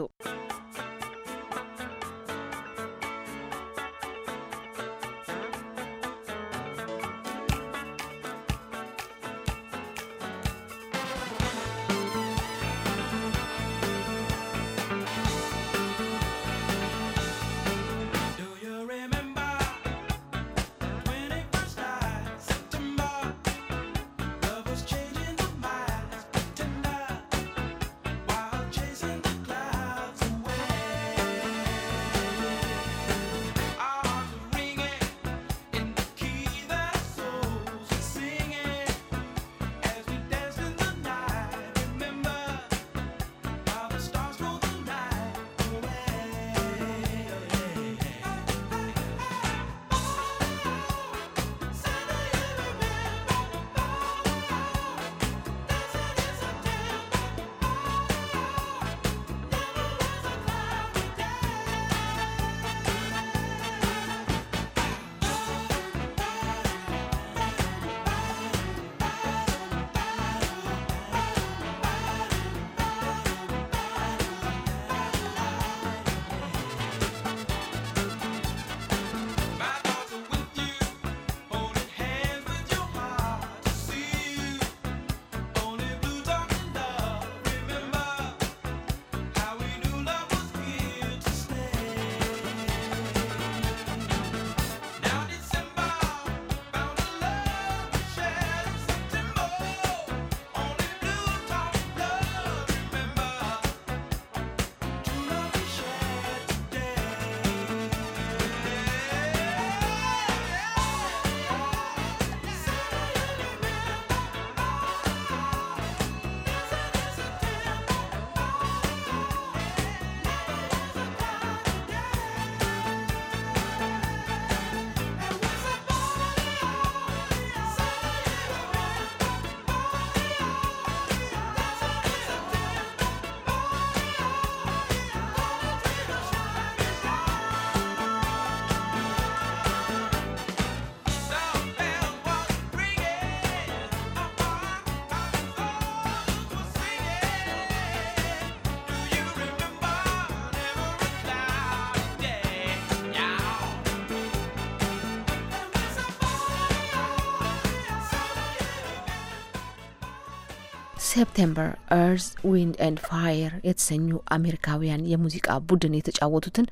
ሴፕቴምበር እርዝ ዊንድ ኤንድ ፋየር የተሰኙ አሜሪካውያን የሙዚቃ ቡድን የተጫወቱትን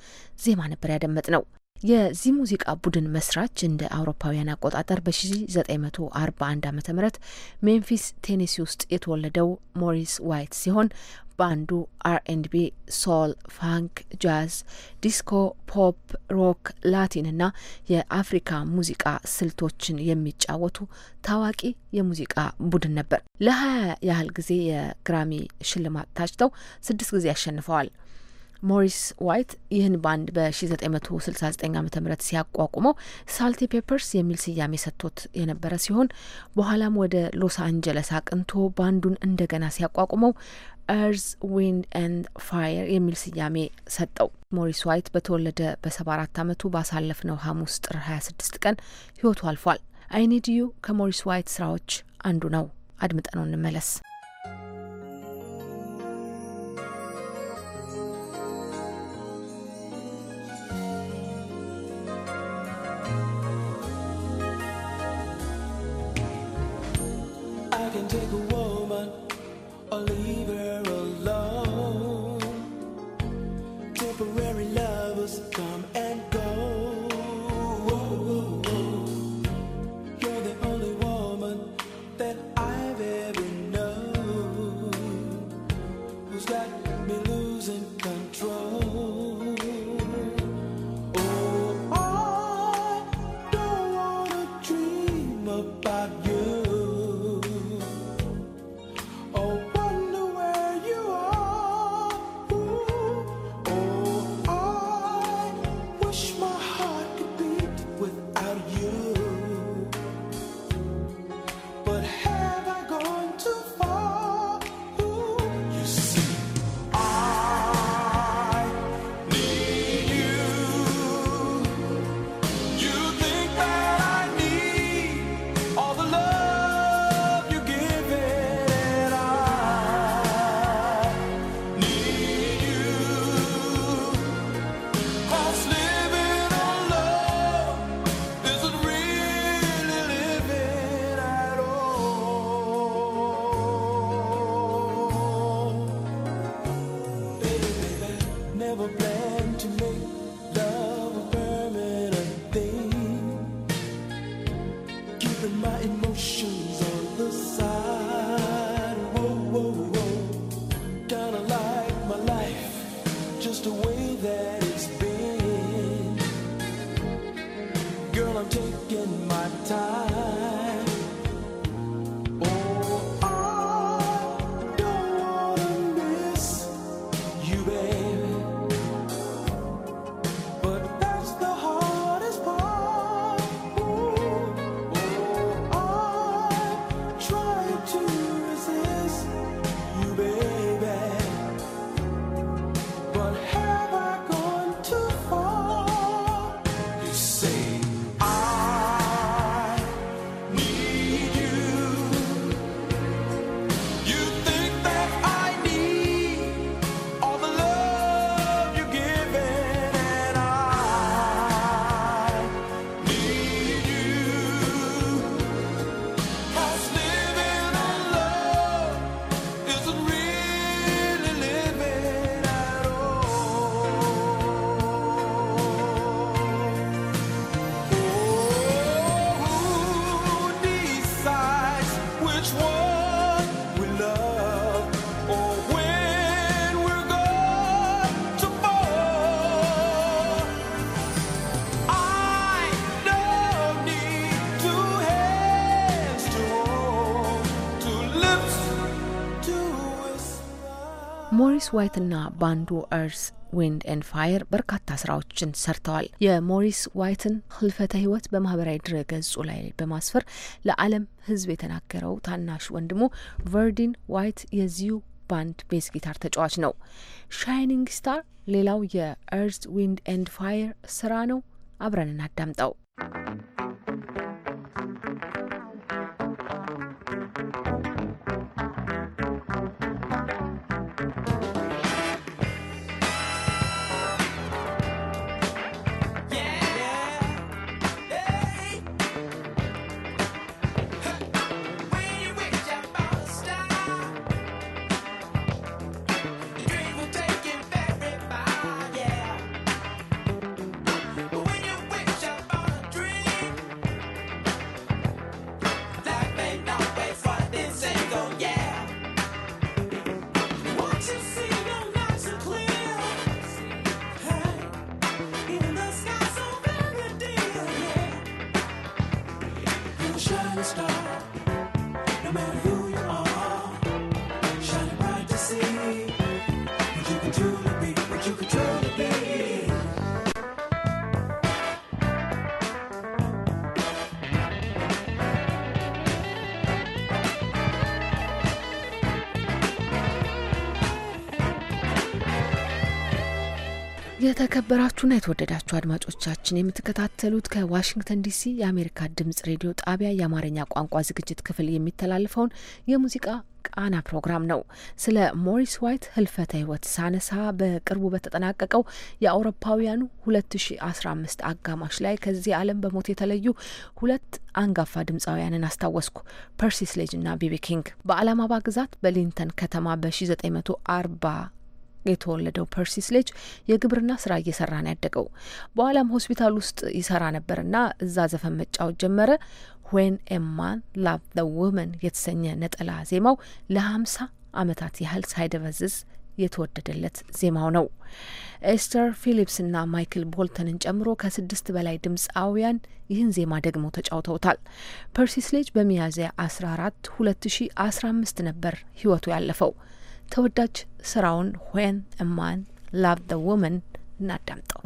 ዜማ ነበር ያደመጥ ነው። የዚህ ሙዚቃ ቡድን መስራች እንደ አውሮፓውያን አቆጣጠር በ1941 ዓ ም ሜምፊስ ቴኔሲ ውስጥ የተወለደው ሞሪስ ዋይት ሲሆን ባንዱ አርኤንቢ ሶል፣ ፋንክ፣ ጃዝ፣ ዲስኮ፣ ፖፕ፣ ሮክ፣ ላቲን እና የአፍሪካ ሙዚቃ ስልቶችን የሚጫወቱ ታዋቂ የሙዚቃ ቡድን ነበር። ለሀያ ያህል ጊዜ የግራሚ ሽልማት ታጭተው ስድስት ጊዜ አሸንፈዋል። ሞሪስ ዋይት ይህን ባንድ በ1969 ዓ ም ሲያቋቁመው ሳልቲ ፔፐርስ የሚል ስያሜ ሰጥቶት የነበረ ሲሆን በኋላም ወደ ሎስ አንጀለስ አቅንቶ ባንዱን እንደገና ሲያቋቁመው ኤርዝ ዊንድ ኤንድ ፋየር የሚል ስያሜ ሰጠው። ሞሪስ ዋይት በተወለደ በ74 ዓመቱ ባሳለፍነው ሐሙስ ጥር 26 ቀን ህይወቱ አልፏል። አይኒድዩ ከሞሪስ ዋይት ስራዎች አንዱ ነው። አድምጠነው እንመለስ። take away ሞሪስ ዋይት እና ባንዱ እርስ ዊንድ ኤንድ ፋየር በርካታ ስራዎችን ሰርተዋል። የሞሪስ ዋይትን ህልፈተ ህይወት በማህበራዊ ድረገጹ ላይ በማስፈር ለዓለም ህዝብ የተናገረው ታናሽ ወንድሙ ቨርዲን ዋይት የዚሁ ባንድ ቤስ ጊታር ተጫዋች ነው። ሻይኒንግ ስታር ሌላው የእርዝ ዊንድ ኤንድ ፋየር ስራ ነው። አብረን እናዳምጠው። የተከበራችሁና የተወደዳችሁ አድማጮቻችን የምትከታተሉት ከዋሽንግተን ዲሲ የአሜሪካ ድምጽ ሬዲዮ ጣቢያ የአማርኛ ቋንቋ ዝግጅት ክፍል የሚተላለፈውን የሙዚቃ ቃና ፕሮግራም ነው። ስለ ሞሪስ ዋይት ህልፈተ ህይወት ሳነሳ በቅርቡ በተጠናቀቀው የአውሮፓውያኑ 2015 አጋማሽ ላይ ከዚህ ዓለም በሞት የተለዩ ሁለት አንጋፋ ድምፃውያንን አስታወስኩ። ፐርሲስ ሌጅ እና ቢቢ ኪንግ በአላማባ ግዛት በሊንተን ከተማ በ1940 የተወለደው ፐርሲስ ልጅ የግብርና ስራ እየሰራ ነው ያደገው። በኋላም ሆስፒታል ውስጥ ይሰራ ነበርና እዛ ዘፈን መጫወት ጀመረ። ዌን ኤማን ላቭ ዘ ውመን የተሰኘ ነጠላ ዜማው ለሀምሳ አመታት ያህል ሳይደበዝዝ የተወደደለት ዜማው ነው። ኤስተር ፊሊፕስ እና ማይክል ቦልተንን ጨምሮ ከስድስት በላይ ድምፃውያን ይህን ዜማ ደግሞ ተጫውተውታል። ፐርሲስ ሌጅ በሚያዝያ 14 2015 ነበር ህይወቱ ያለፈው። ተወዳጅ ስራውን ዌን ማን ላቭ ዘ ውመን እናዳምጠው።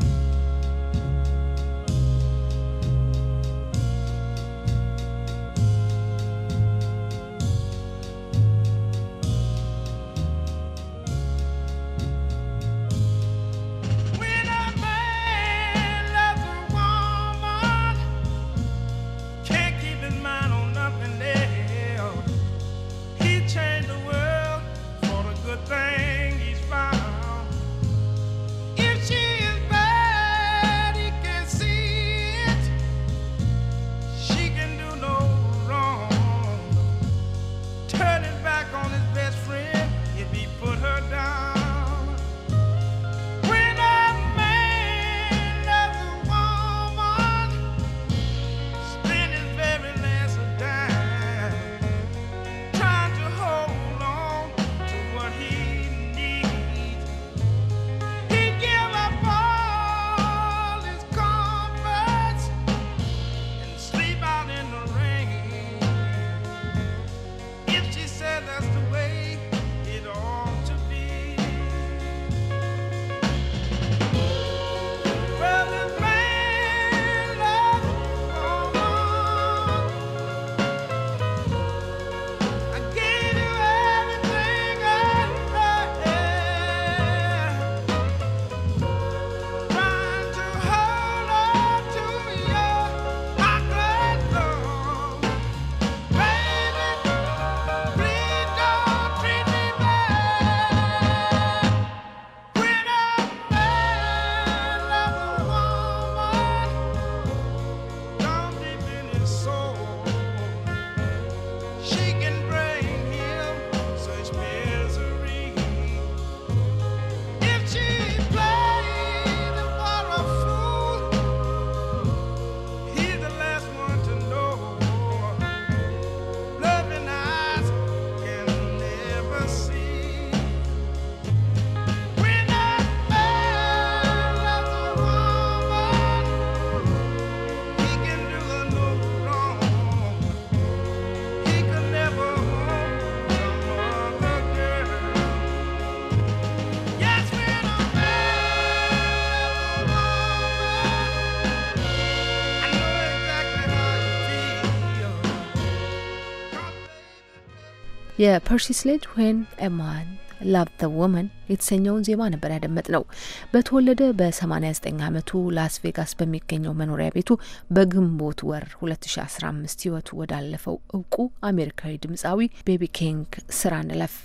የፐርሲ ስሌጅ ዌን ኤማን ላቭ ዘ ወመን የተሰኘውን ዜማ ነበር ያደመጥ ነው። በተወለደ በ89 ዓመቱ ላስ ቬጋስ በሚገኘው መኖሪያ ቤቱ በግንቦት ወር 2015 ህይወቱ ወዳለፈው እውቁ አሜሪካዊ ድምፃዊ ቤቢ ኪንግ ስራ እንለፍ።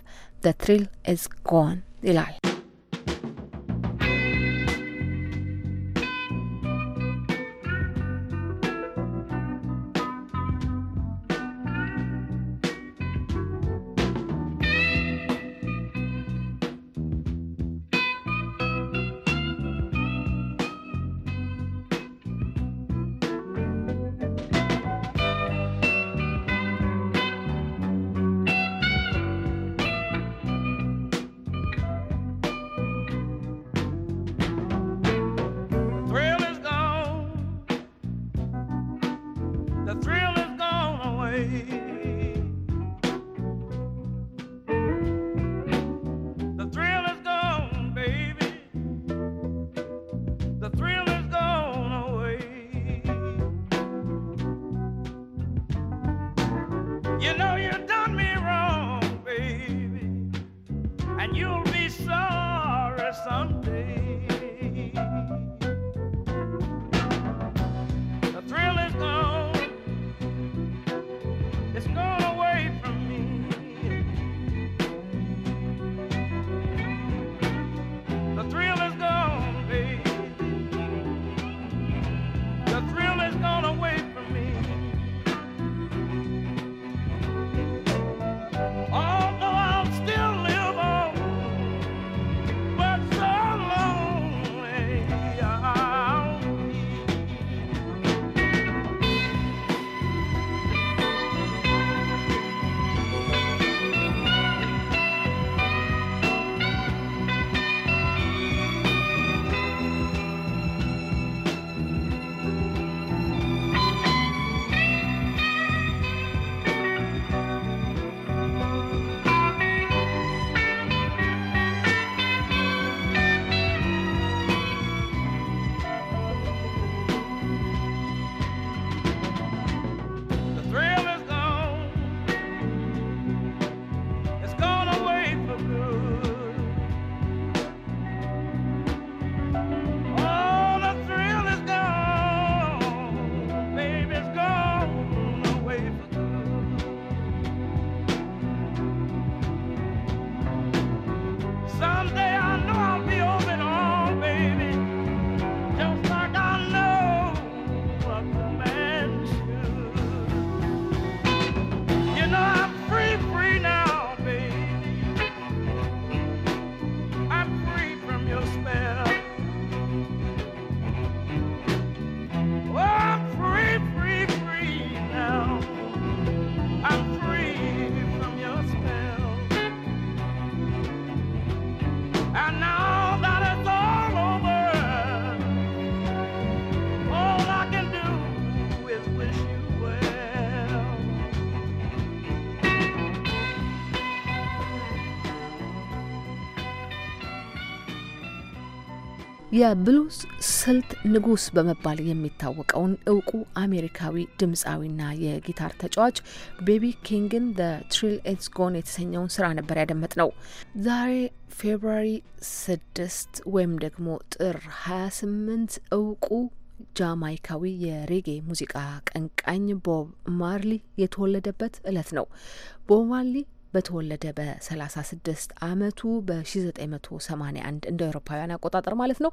ዘ ትሪል ኢዝ ጎን ይላል። የብሉዝ ስልት ንጉስ በመባል የሚታወቀውን እውቁ አሜሪካዊ ድምፃዊና የጊታር ተጫዋች ቤቢ ኪንግን ዘ ትሪል ኢዝ ጎን የተሰኘውን ስራ ነበር ያደመጥ ነው። ዛሬ ፌብሩዋሪ ስድስት ወይም ደግሞ ጥር ሀያ ስምንት እውቁ ጃማይካዊ የሬጌ ሙዚቃ ቀንቃኝ ቦብ ማርሊ የተወለደበት እለት ነው። ቦብ ማርሊ በተወለደ በ36 ዓመቱ በ1981 እንደ አውሮፓውያን አቆጣጠር ማለት ነው።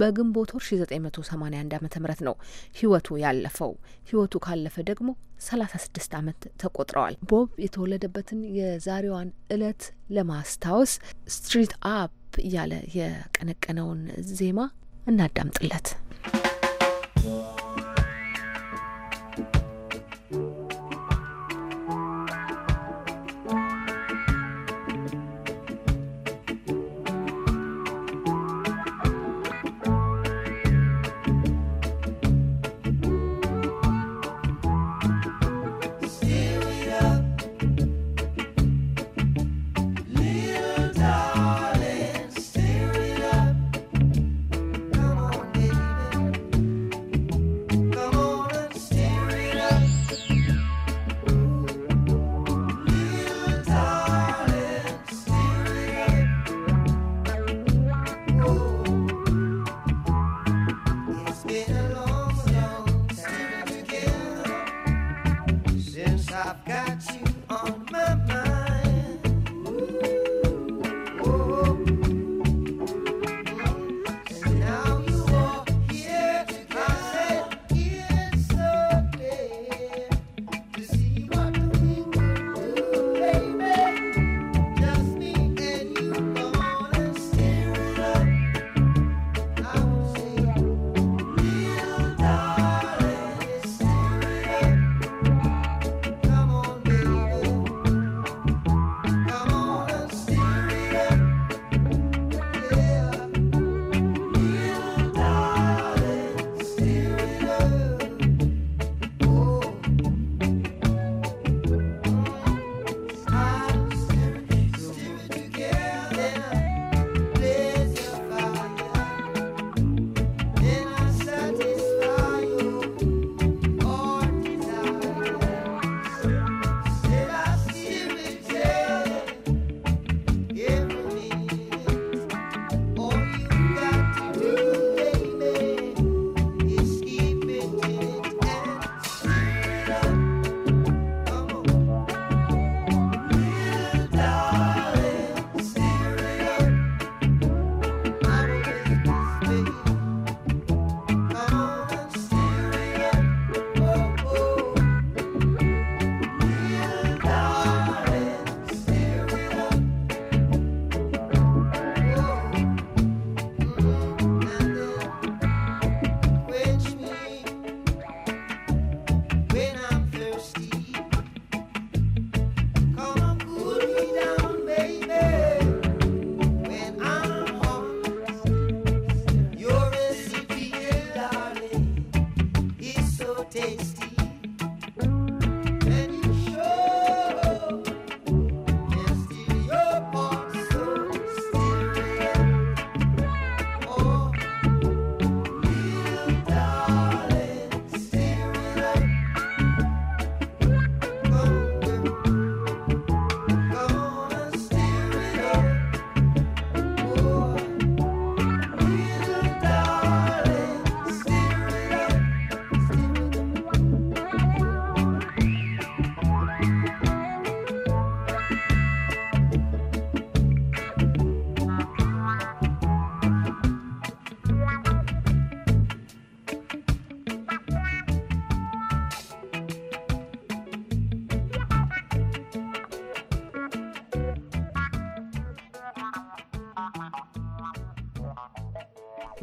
በግንቦት ወር 1981 ዓ ም ነው ህይወቱ ያለፈው። ህይወቱ ካለፈ ደግሞ 36 ዓመት ተቆጥረዋል። ቦብ የተወለደበትን የዛሬዋን እለት ለማስታወስ ስትሪት አፕ እያለ የቀነቀነውን ዜማ እናዳምጥለት።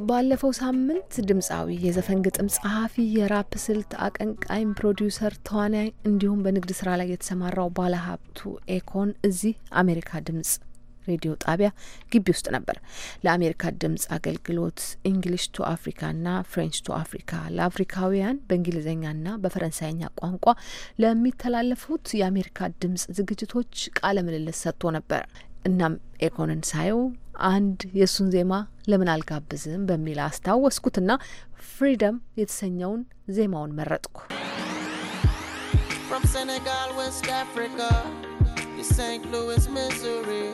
ባለፈው ሳምንት ድምፃዊ፣ የዘፈን ግጥም ጸሐፊ፣ የራፕ ስልት አቀንቃኝ ፕሮዲውሰር፣ ተዋናይ እንዲሁም በንግድ ስራ ላይ የተሰማራው ባለሀብቱ ኤኮን እዚህ አሜሪካ ድምጽ ሬዲዮ ጣቢያ ግቢ ውስጥ ነበር። ለአሜሪካ ድምጽ አገልግሎት እንግሊሽ ቱ ና ፍሬንች ቱ አፍሪካ ለአፍሪካውያን በእንግሊዝኛና በፈረንሳይኛ ቋንቋ ለሚተላለፉት የአሜሪካ ድምጽ ዝግጅቶች ቃለ ምልልስ ሰጥቶ ነበር። እናም ኤኮንን ሳየው አንድ የእሱን ዜማ ለምን አልጋብዝም በሚል አስታወስኩትና ፍሪደም የተሰኘውን ዜማውን መረጥኩ። From Senegal, West Africa, to St. Louis, Missouri.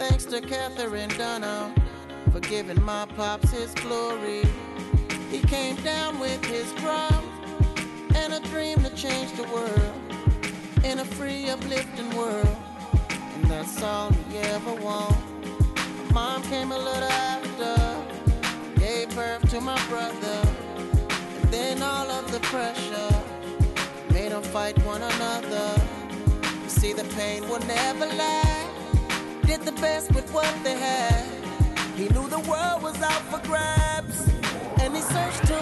Thanks to Catherine Dunham for giving my pops his glory. He came down with his crown and a dream to change the world in a free, uplifting world. And that's all he ever wanted. Mom came a little after, gave birth to my brother. And then all of the pressure made them fight one another. You see, the pain will never last. Did the best with what they had. He knew the world was out for grabs, and he searched to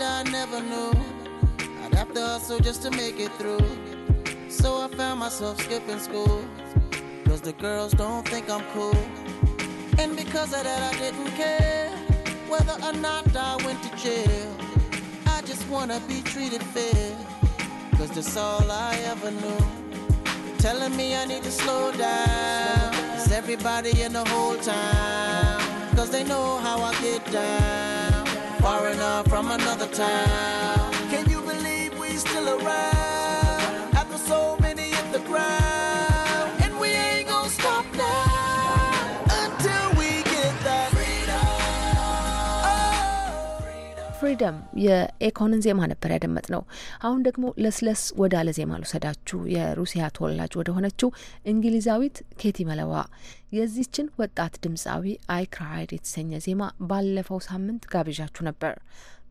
I never knew. I'd have to hustle just to make it through. So I found myself skipping school. Cause the girls don't think I'm cool. And because of that, I didn't care whether or not I went to jail. I just wanna be treated fair. Cause that's all I ever knew. telling me I need to slow down. Cause everybody in the whole town? Cause they know how I get down. foreigner from another town. Can you believe we still around after so many hit the ground? And we ain't gonna stop now until we get that freedom. Oh. Freedom, ፍሪደም የኤኮንን ዜማ ነበር ያደመጥ ነው። አሁን ደግሞ ለስለስ ወዳለ ዜማ ልውሰዳችሁ የሩሲያ ተወላጅ ወደ ሆነችው እንግሊዛዊት ኬቲ መለዋ የዚችን ወጣት ድምፃዊ አይክራይድ የተሰኘ ዜማ ባለፈው ሳምንት ጋብዣችሁ ነበር።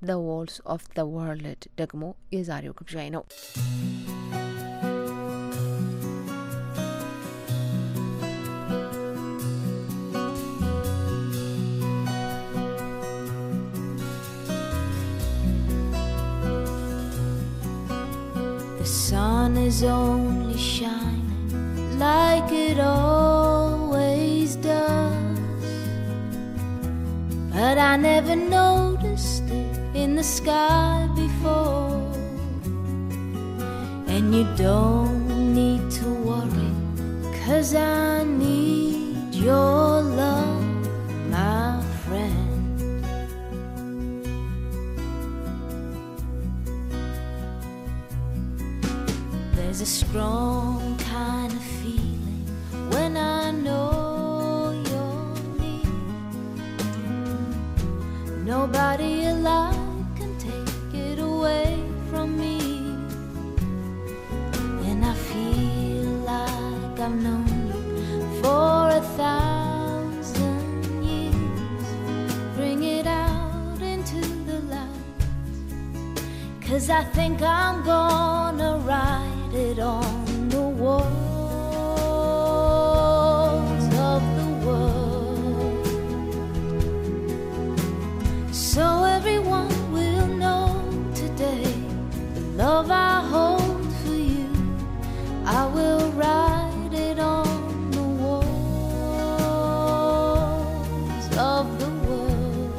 ዘ ዋልስ ኦፍ ዘ ወርልድ ደግሞ የዛሬው ግብዣይ ነው። The sun is only shining like it all But I never noticed it in the sky before. And you don't need to worry, cause I need your love, my friend. There's a strong kind of feeling when I know. Nobody alive can take it away from me. And I feel like I've known you for a thousand years. Bring it out into the light. Cause I think I'm gonna write it on the wall. love I hold for you, I will write it on the walls of the world.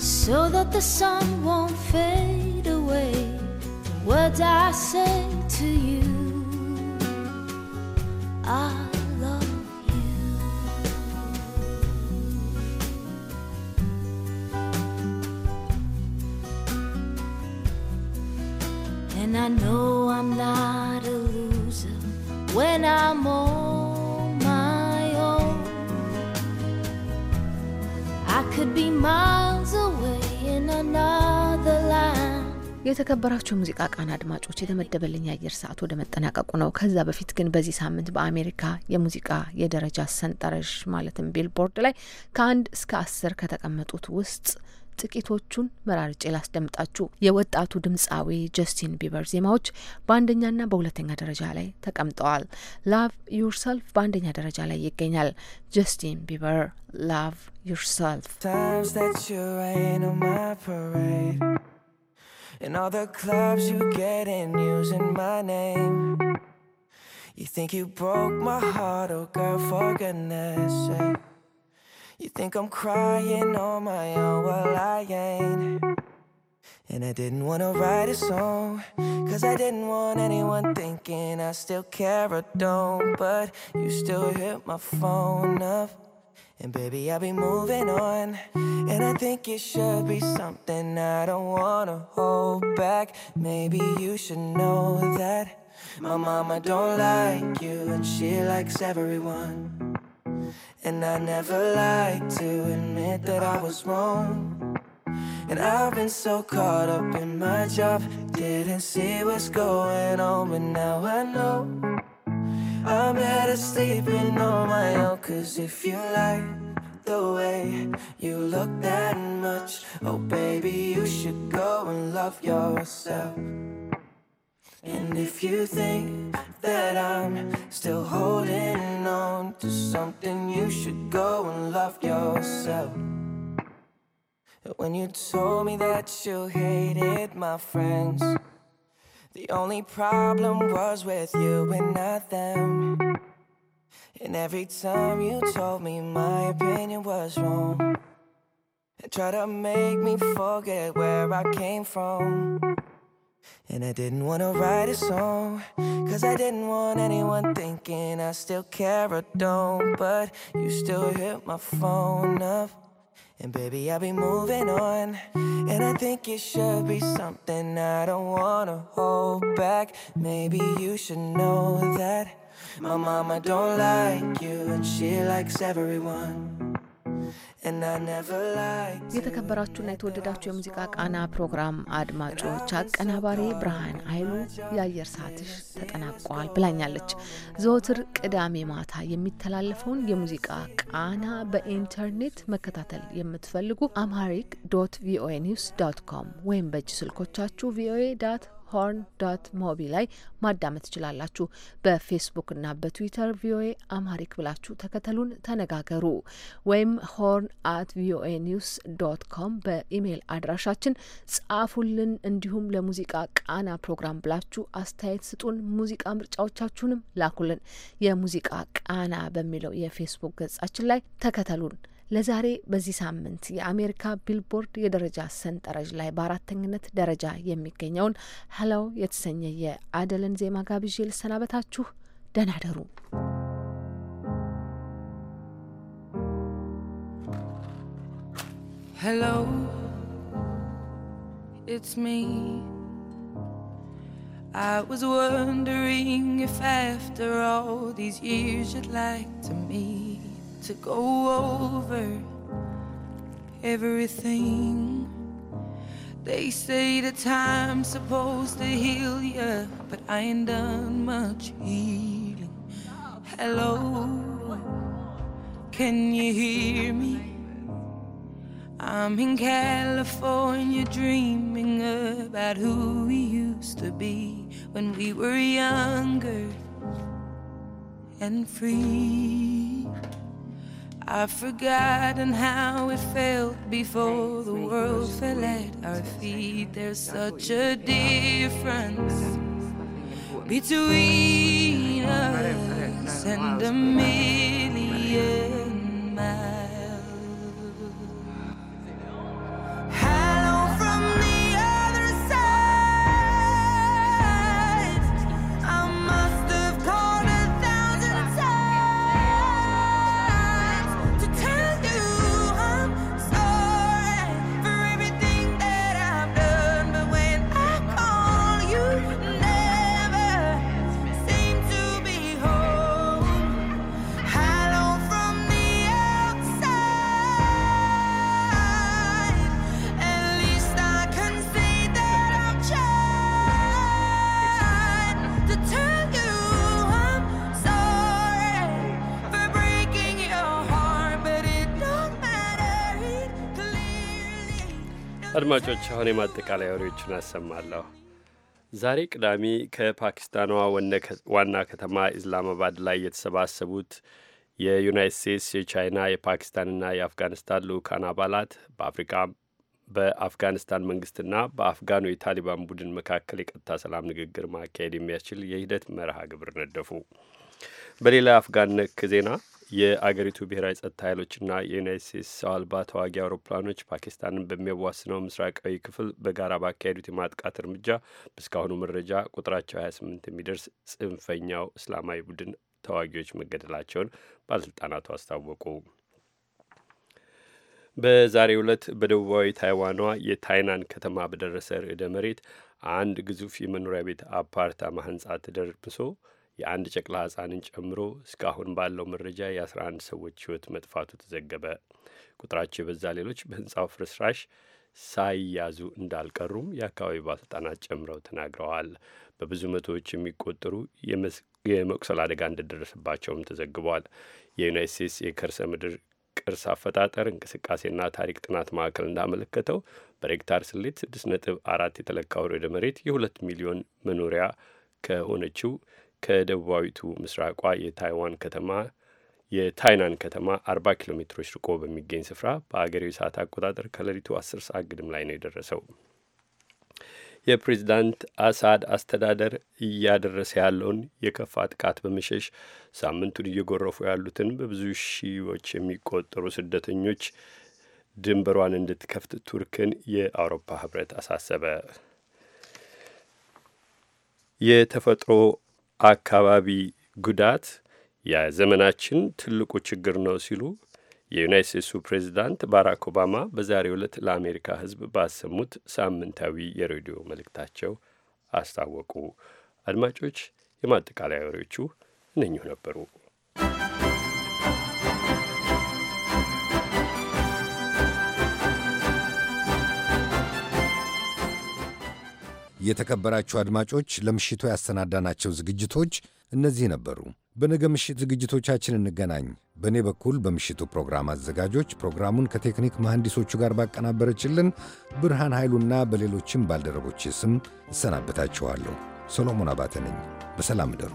So that the sun won't fade away, the words I say to you. I የተከበራቸው ሙዚቃ ቃና አድማጮች የተመደበልኝ አየር ሰዓት ወደ መጠናቀቁ ነው። ከዛ በፊት ግን በዚህ ሳምንት በአሜሪካ የሙዚቃ የደረጃ ሰንጠረዥ ማለትም ቢልቦርድ ላይ ከአንድ እስከ አስር ከተቀመጡት ውስጥ ጥቂቶቹን መራርጬ ላስደምጣችሁ። የወጣቱ ድምፃዊ ጀስቲን ቢበር ዜማዎች በአንደኛና በሁለተኛ ደረጃ ላይ ተቀምጠዋል። ላቭ ዩርሰልፍ በአንደኛ ደረጃ ላይ ይገኛል። ጀስቲን ቢበር ላቭ ዩርሰልፍ And all the clubs you get in using my name. You think you broke my heart, oh girl, for goodness sake. You think I'm crying on my own, well, I ain't. And I didn't wanna write a song, cause I didn't want anyone thinking I still care or don't. But you still hit my phone up. And baby, I'll be moving on. And I think it should be something I don't wanna hold back. Maybe you should know that my mama don't like you and she likes everyone. And I never like to admit that I was wrong. And I've been so caught up in my job, didn't see what's going on, but now I know. I'm better sleeping on my own. Cause if you like the way you look that much, oh baby, you should go and love yourself. And if you think that I'm still holding on to something, you should go and love yourself. When you told me that you hated my friends. The only problem was with you and not them. And every time you told me my opinion was wrong, and tried to make me forget where I came from. And I didn't wanna write a song, cause I didn't want anyone thinking I still care or don't. But you still hit my phone up. And baby, I'll be moving on. And I think it should be something I don't wanna hold back. Maybe you should know that my mama don't like you and she likes everyone. የተከበራችሁና የተወደዳችሁ የሙዚቃ ቃና ፕሮግራም አድማጮች፣ አቀናባሪ ብርሃን ኃይሉ የአየር ሰዓትሽ ተጠናቋል ብላኛለች። ዘወትር ቅዳሜ ማታ የሚተላለፈውን የሙዚቃ ቃና በኢንተርኔት መከታተል የምትፈልጉ አምሃሪክ ዶት ቪኦኤ ኒውስ ዶት ኮም ወይም በእጅ ስልኮቻችሁ ቪኦኤ ዳት ሆርን ዶት ሞቢ ላይ ማዳመጥ ትችላላችሁ። በፌስቡክ እና በትዊተር ቪኦኤ አማሪክ ብላችሁ ተከተሉን፣ ተነጋገሩ። ወይም ሆርን አት ቪኦኤ ኒውስ ዶት ኮም በኢሜይል አድራሻችን ጻፉልን። እንዲሁም ለሙዚቃ ቃና ፕሮግራም ብላችሁ አስተያየት ስጡን። ሙዚቃ ምርጫዎቻችሁንም ላኩልን። የሙዚቃ ቃና በሚለው የፌስቡክ ገጻችን ላይ ተከተሉን። ለዛሬ በዚህ ሳምንት የአሜሪካ ቢልቦርድ የደረጃ ሰንጠረዥ ላይ በአራተኝነት ደረጃ የሚገኘውን ሄሎ የተሰኘ የአደለን ዜማ ጋብዤ ልሰናበታችሁ። ደህና ደሩ። Hello, it's me. I was wondering if after all these years you'd like to meet. to go over everything. They say the time's supposed to heal you, but I ain't done much healing. Hello, can you hear me? I'm in California dreaming about who we used to be when we were younger and free. I've forgotten how it felt before the world fell at our feet. There's such a difference between us and a million miles. አድማጮች አሁን የማጠቃለያ ወሬዎቹን አሰማለሁ። ዛሬ ቅዳሜ ከፓኪስታኗ ዋና ከተማ ኢስላማባድ ላይ የተሰባሰቡት የዩናይት ስቴትስ፣ የቻይና፣ የፓኪስታንና የአፍጋኒስታን ልዑካን አባላት በአፍሪካ በአፍጋኒስታን መንግስትና በአፍጋኑ የታሊባን ቡድን መካከል የቀጥታ ሰላም ንግግር ማካሄድ የሚያስችል የሂደት መርሃ ግብር ነደፉ። በሌላ አፍጋን ነክ ዜና የአገሪቱ ብሔራዊ ጸጥታ ኃይሎችና የዩናይት ስቴትስ ሰው አልባ ተዋጊ አውሮፕላኖች ፓኪስታንን በሚያዋስነው ምስራቃዊ ክፍል በጋራ ባካሄዱት የማጥቃት እርምጃ በእስካሁኑ መረጃ ቁጥራቸው 28 የሚደርስ ጽንፈኛው እስላማዊ ቡድን ተዋጊዎች መገደላቸውን ባለሥልጣናቱ አስታወቁ። በዛሬ ዕለት በደቡባዊ ታይዋኗ የታይናን ከተማ በደረሰ ርዕደ መሬት አንድ ግዙፍ የመኖሪያ ቤት አፓርታማ ህንጻ ተደርምሶ የአንድ ጨቅላ ሕፃንን ጨምሮ እስካሁን ባለው መረጃ የ11 ሰዎች ሕይወት መጥፋቱ ተዘገበ። ቁጥራቸው የበዛ ሌሎች በሕንፃው ፍርስራሽ ሳይያዙ እንዳልቀሩም የአካባቢው ባለስልጣናት ጨምረው ተናግረዋል። በብዙ መቶዎች የሚቆጠሩ የመቁሰል አደጋ እንደደረሰባቸውም ተዘግቧል። የዩናይት ስቴትስ የከርሰ ምድር ቅርስ አፈጣጠር እንቅስቃሴና ታሪክ ጥናት ማዕከል እንዳመለከተው በሬክታር ስሌት 6 ነጥብ አራት የተለካው ርዕደ መሬት የሁለት ሚሊዮን መኖሪያ ከሆነችው ከደቡባዊቱ ምስራቋ የታይዋን ከተማ የታይናን ከተማ 40 ኪሎ ሜትሮች ርቆ በሚገኝ ስፍራ በአገሬው ሰዓት አቆጣጠር ከሌሊቱ 10 ሰዓት ግድም ላይ ነው የደረሰው። የፕሬዚዳንት አሳድ አስተዳደር እያደረሰ ያለውን የከፋ ጥቃት በመሸሽ ሳምንቱን እየጎረፉ ያሉትን በብዙ ሺዎች የሚቆጠሩ ስደተኞች ድንበሯን እንድትከፍት ቱርክን የአውሮፓ ህብረት አሳሰበ። የተፈጥሮ አካባቢ ጉዳት የዘመናችን ትልቁ ችግር ነው ሲሉ የዩናይት ስቴትሱ ፕሬዚዳንት ባራክ ኦባማ በዛሬው ዕለት ለአሜሪካ ሕዝብ ባሰሙት ሳምንታዊ የሬዲዮ መልእክታቸው አስታወቁ። አድማጮች፣ የማጠቃለያ ወሬዎቹ እነኚሁ ነበሩ። የተከበራችሁ አድማጮች ለምሽቱ ያሰናዳናቸው ዝግጅቶች እነዚህ ነበሩ። በነገ ምሽት ዝግጅቶቻችን እንገናኝ። በእኔ በኩል በምሽቱ ፕሮግራም አዘጋጆች ፕሮግራሙን ከቴክኒክ መሐንዲሶቹ ጋር ባቀናበረችልን ብርሃን ኃይሉና በሌሎችም ባልደረቦች ስም እሰናበታችኋለሁ። ሰሎሞን አባተ ነኝ። በሰላም እደሩ።